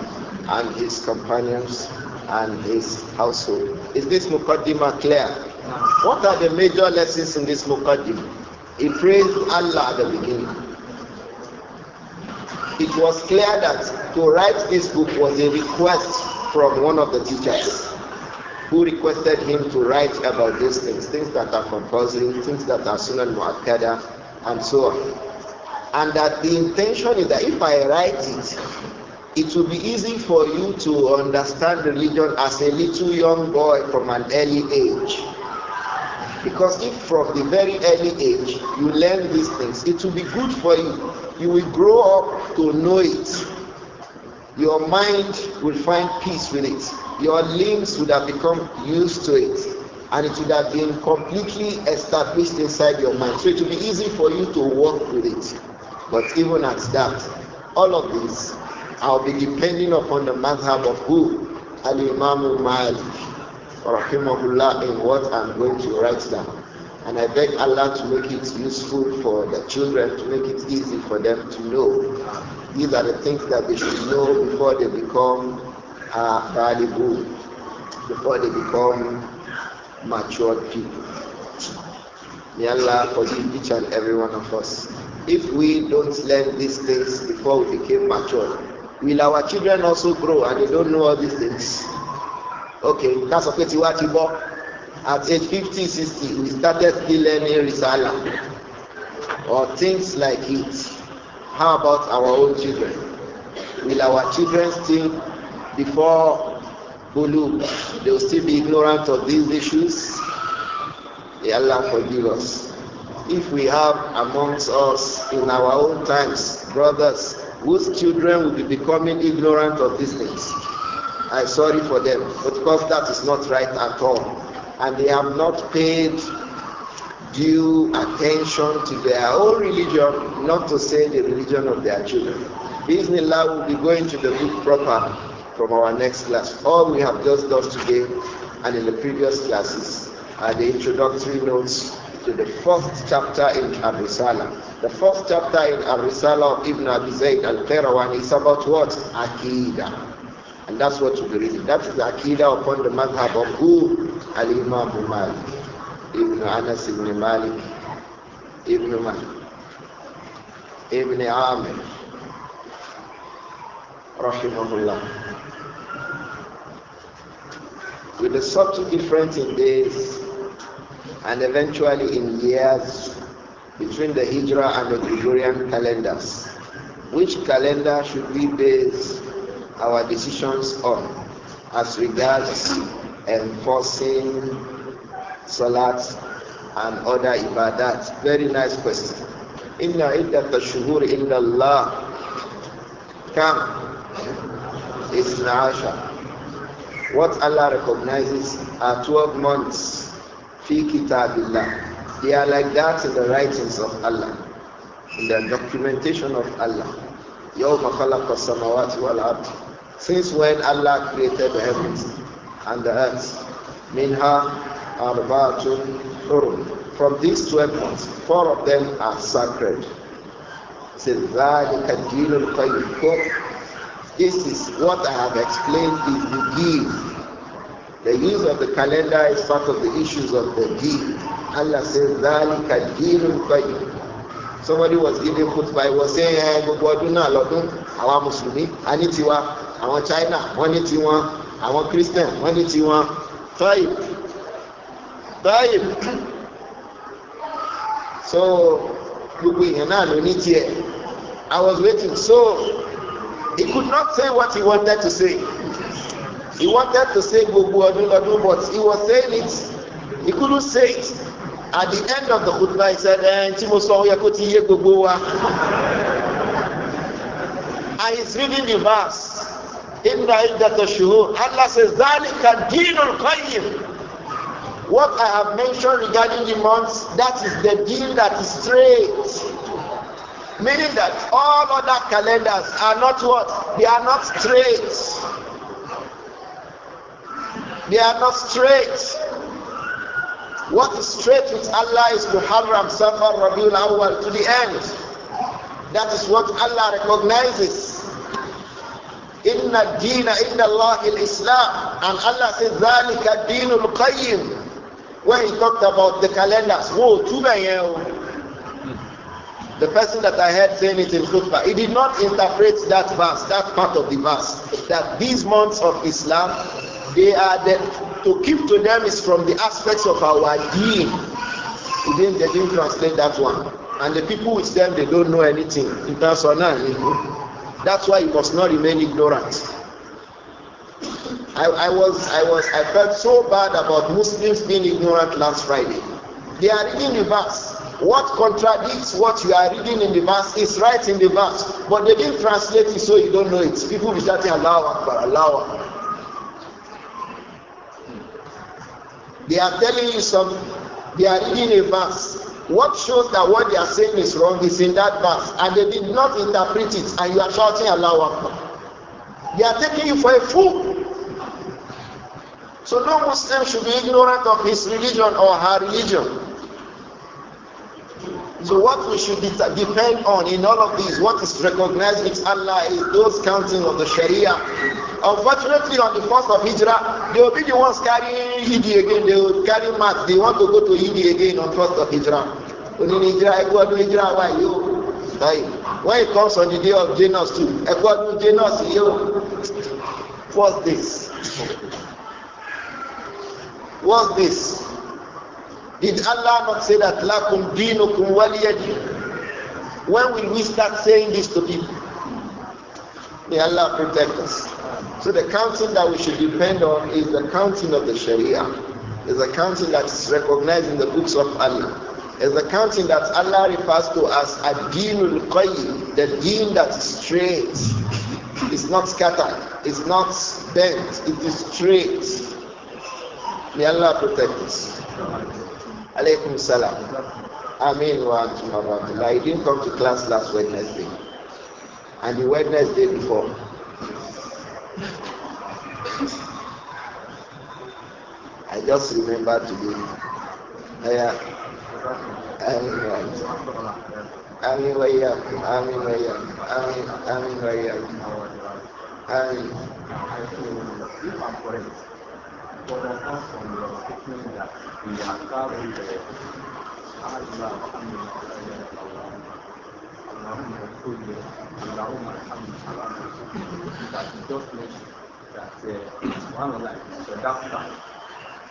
and his companions and his household. Is this muqaddimah clear? What are the major lessons in this muqaddimah? He praised Allah at the beginning. It was clear that to write this book was a request from one of the teachers who requested him to write about these things, things that are compulsory, things that are sunnah mu'akkada, and so on. And that the intention is that if I write it, it will be easy for you to understand religion as a little young boy from an early age. Because if from a very early age you learn these things, it will be good for you. You will grow up to know it. Your mind will find peace with it. Your limbs would have become used to it. And it would have been completely established inside your mind. So it will be easy for you to work with it. But even at that, all of this, I'll be depending upon the madhab of who? Al-Imam Malik. rahimahullah in what I'm going to write down. And I beg Allah to make it useful for the children, to make it easy for them to know. These are the things that they should know before they become uh, valuable, before they become matured people. May Allah forgive each and every one of us. If we don't learn these things before we become mature, will our children also grow and they don't know all these things? okay ká sọ pé tiwa ti bọ́ at age fifty sixty we started still learning risala or things like it how about our own children will our children still before buluk they will still be ignorant of these issues may allah forgive us if we have amongst us in our own times brothers whose children will be becoming ignorant of these things I'm sorry for them. because that is not right at all. And they have not paid due attention to their own religion, not to say the religion of their children. Bismillah will be going to the book proper from our next class. All we have just done today and in the previous classes are the introductory notes to the first chapter in Abisala. The first chapter in Abisala of Ibn Abi Zayd al-Qarawani is about what? Aqidah. And that's what we believe. That is the Akida upon the madhab of who? Al-Imam Malik, Ibn Anas ibn Malik, Ibn Malik, Ibn Amir, Rahimahullah. With a subtle difference in days and eventually in years between the Hijra and the Gregorian calendars. Which calendar should we base our decisions on as regards enforcing salat and other ibadat. Very nice question. Inna iddat shuhur inna Allah. Come. It's Naasha. What Allah recognizes are twelve months. Fi kitabillah. They are like that in the writings of Allah, in the documentation of Allah. يوم خلق السماوات والأرض since when Allah created the heavens and the earth. Minha Arbatun Hurum. From these 12 months, four of them are sacred. This is what I have explained is the give. The use of the calendar is part of the issues of the give. Allah says, ذَلِكَ الدِّينُ الْقَيِّمُ Somebody was giving khutbah, he was saying, hey, eh, gbogbo ọdún náà lọ́dún, àwa Mùsùlùmí, a àwọn China wọ́n ní tiwọn àwọn Christian wọ́n ní tiwọn tọ́yì tọ́yì so gbogbo èèyàn náà ló ní tiẹ̀ I was waiting so he could not say what he wanted to say he wanted to say gbogbo ọdún lọdún but he was saying it he couldn't say it at the end of the khutbah he said ẹ eh, tí mo sọ yẹ kó ti yé gbogbo wa and he is reading the verse. Inna iddata shuhur. Allah says, Zalika deenul qayyim. What I have mentioned regarding the months, that is the deal that is straight. Meaning that all other calendars are not what? They are not straight. They are not straight. What is straight with Allah is Muharram, Safar, Rabiul Awwal to the end. That is what Allah recognizes. Inna dina inna Allah al-Islam. And Allah says, Zalika When he talked about the calendars, whoa, tubayel. The person that I heard saying it in khutbah, he did not interpret that verse, that part of the verse, that these months of Islam, they are the, to keep to them is from the aspects of our deen. He didn't, they didn't translate that one. And the people with them, they don't know anything. International, you know. That's why you must not remain ignorant. I, I was I was I felt so bad about Muslims being ignorant last Friday. They are reading the verse. What contradicts what you are reading in the verse is right in the verse, but they didn't translate it so you don't know it. People be shouting Allah for Allah Akbar. They are telling you some, they are reading a verse. What shows that what they are saying is wrong is in that verse, and they did not interpret it, and you are shouting Allah Akbar. They are taking you for a fool. So no Muslim should be ignorant of his religion or her religion. So what we should depend on in all of these, what is recognized with Allah is those counting of the Sharia. Unfortunately, on the first of Hijrah, they will be the ones carrying Hidi again. They will carry mat. They want to go to Hidi again on first of Hijrah oníní ìjírá ẹkú ọdún ìjírá wa yìí o báyìí when it comes on the day of janus too ẹkú ọdún janus yìí o what's this what's this did allah not say that dinu dinukum waliyadi when will we start saying this to people may allah protect us so the counting that we should depend on is the counting of the sharia is a counting that is recognized in the books of allah is the counting that Allah refers to as Adilul Qayyim, the deen that is straight. It's not scattered, it's not bent, it is straight. May Allah protect us. Alaykum salam. Amin wa rahmatullah. I didn't come to class last Wednesday. And the Wednesday before. I just remember today. Yeah. آمين وإياكم آمين وإياكم آمين I'm I that uh, one of like, so that's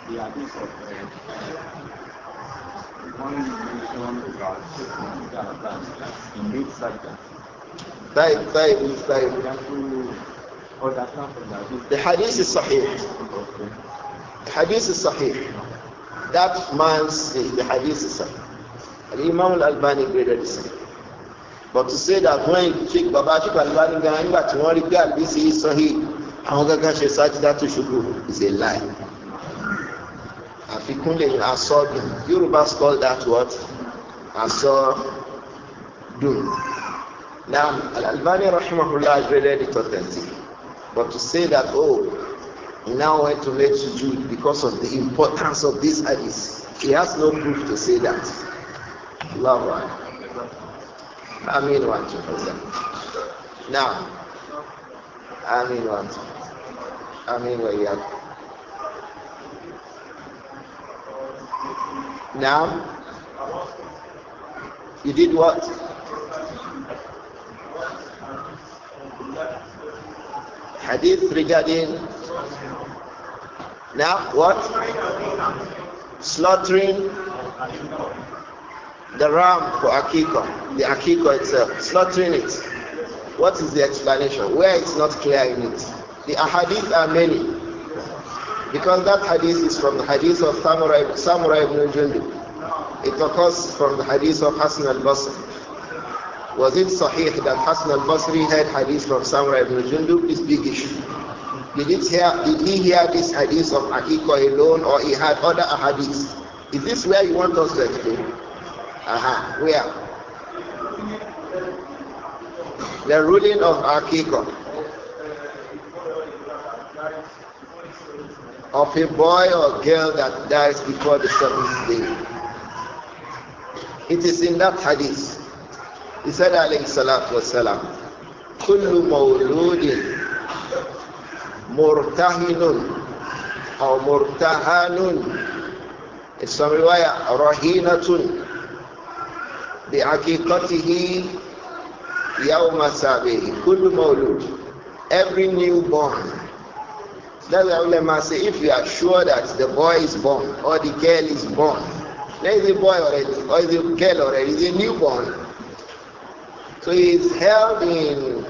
the abuse of uh, طيب طيب طيب The hadith is sahih. The hadith is sahih. That man's the hadith is sahih. The Imam al-Albani graded the same. But to say that when Sheikh Baba Sheikh al-Albani gan nígbà tí wọ́n rí pé àdìsí sahih àwọn gángan ṣe sáájú dátò ṣubú is a lie. Afikunle in Asodun. Yorubas call that what? Asodun. Now, Al-Albani rahimahullah graded it authentic. But to say that, oh, he now went to let do because of the importance of this hadith, he has no proof to say that. Allahu Akbar. Amin wa Now, Amin wa Amin wa Now, you did what? Hadith regarding now what? Slaughtering the ram for Akiko, the Akiko itself, slaughtering it. What is the explanation? Where it's not clear in it? The ahadith are many. Because that hadith is from the hadith of Samurai, Samurai ibn Jundub. It occurs from the hadith of Hassan al-Basri. Was it sahih that Hassan al-Basri had hadith from Samurai ibn Jundub? Is big issue. Did, it hear, did he hear this hadith of Akiko alone or he had other hadiths? Is this where you want us to explain? Aha, where? The ruling of Akiko. of a boy or girl that dies before the seventh day. It is in that hadith. He said, alayhi salatu wasalam, كل مولود مرتهن أو مرتهن اسم رواية رهينة بعقيقته يوم سابه كل مولود every newborn That's why ulama say if you are sure that the boy is born or the girl is born, there is a boy already or is a girl already, is a newborn. So he is held in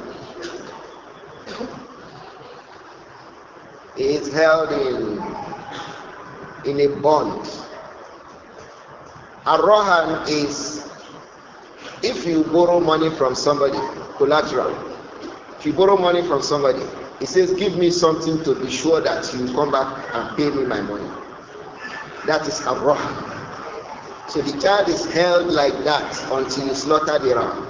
he is held in in a bond. A rohan is if you borrow money from somebody, collateral. If you borrow money from somebody, He says, Give me something to be sure that you come back and pay me my money. That is a roha. So the child is held like that until you slaughter the ram.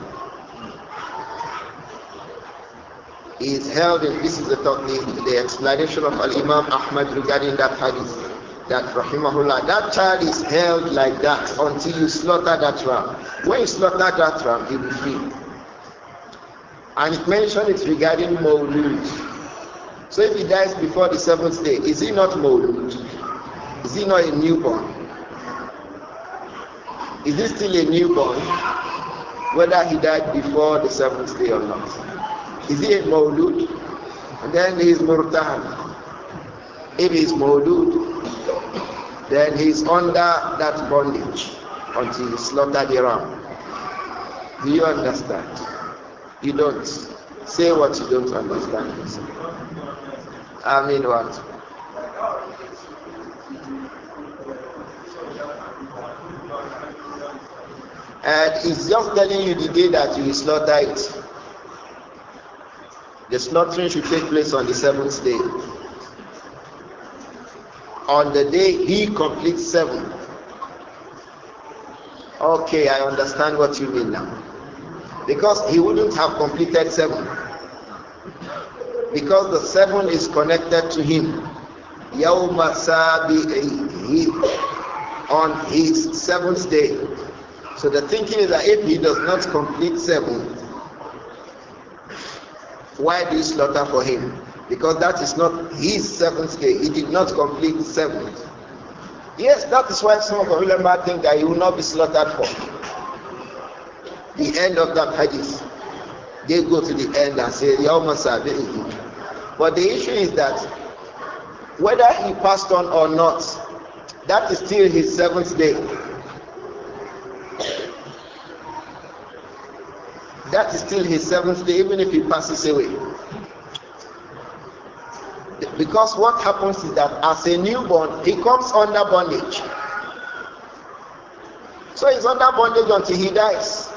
He is held, and this is the, talk, the, the explanation of Al Imam Ahmad regarding that hadith that rahimahullah that child is held like that until you slaughter that ram when you slaughter that ram he will free and it mentioned it regarding mawlud so if he dies before the seventh day, is he not Maulud? Is he not a newborn? Is he still a newborn? Whether he died before the seventh day or not. Is he a Maulud? And then he is Murtahan. If he is Maulud, then he is under that bondage until he slaughtered the ram. Do you understand? You don't. Say what you don't understand. آمين وأنتم And it's just telling you the day that you will slaughter it. The slaughtering should take place on the seventh day. On the day he completes seven. Okay, I understand what you mean now. Because he wouldn't have completed seven because the seven is connected to him. Yawma sabi'ihi on his seventh day. So the thinking is that if he does not complete seven, why do you slaughter for him? Because that is not his seventh day. He did not complete seven. Yes, that is why some of the ulama think that he will not be slaughtered for. The end of that hadith. they go to the end and say, Yawma Sabi'ihi. But the issue is that whether he passed on or not, that is still his seventh day. That is still his seventh day, even if he passes away. Because what happens is that as a newborn, he comes under bondage. So he's under bondage until he dies.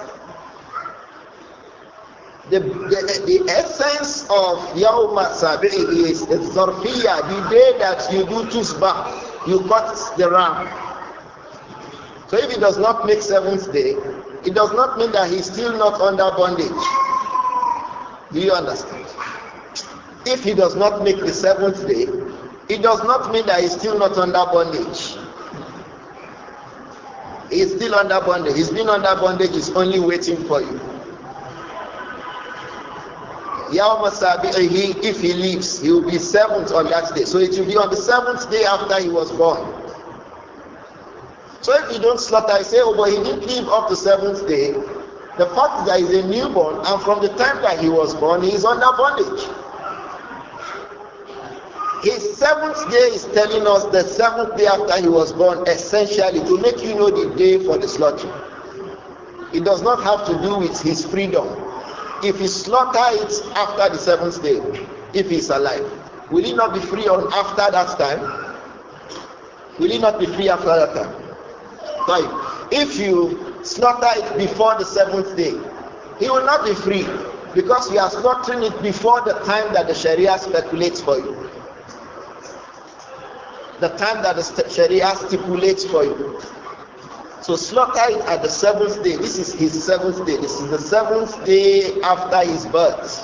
The, the, the essence of Yawma Sabi'i is the the day that you do Tuzbah, you cut the ram. So if he does not make seventh day, it does not mean that he's still not under bondage. Do you understand? If he does not make the seventh day, it does not mean that he's still not under bondage. He's still under bondage. He's been under bondage, he's only waiting for you. Yawma Sabi'ihi, if he lives, he will be seventh on that day. So it will be on the seventh day after he was born. So if you don't slaughter, I say, oh, but he didn't live up to seventh day. The fact that he's a newborn, and from the time that he was born, he is under bondage. His seventh day is telling us the seventh day after he was born, essentially, to make you know the day for the slaughter. It does not have to do with his freedom. If he slaughter it after the seventh day, if he's alive, will he not be free on after that time? Will he not be free after that time? Right. If you slaughter it before the seventh day, he will not be free because you are slaughtering it before the time that the Sharia stipulates for you. The time that the Sharia stipulates for you. So slaughter it at the seventh day. This is his seventh day. This is the seventh day after his birth.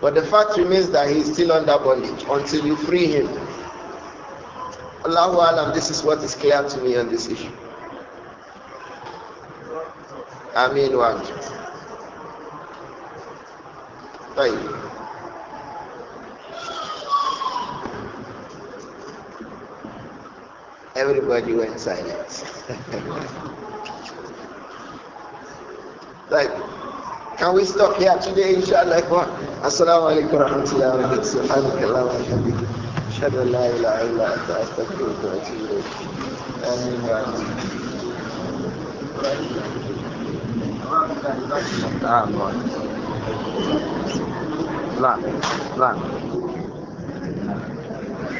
But the fact remains that he is still under bondage until you free him. Allahu Alam, this is what is clear to me on this issue. Ameen wa Ameen. Everybody went silent. like, can we stop here today, inshallah? Assalamu alaikum wa rahmatullahi wa barakatuh. Subhanakallah wa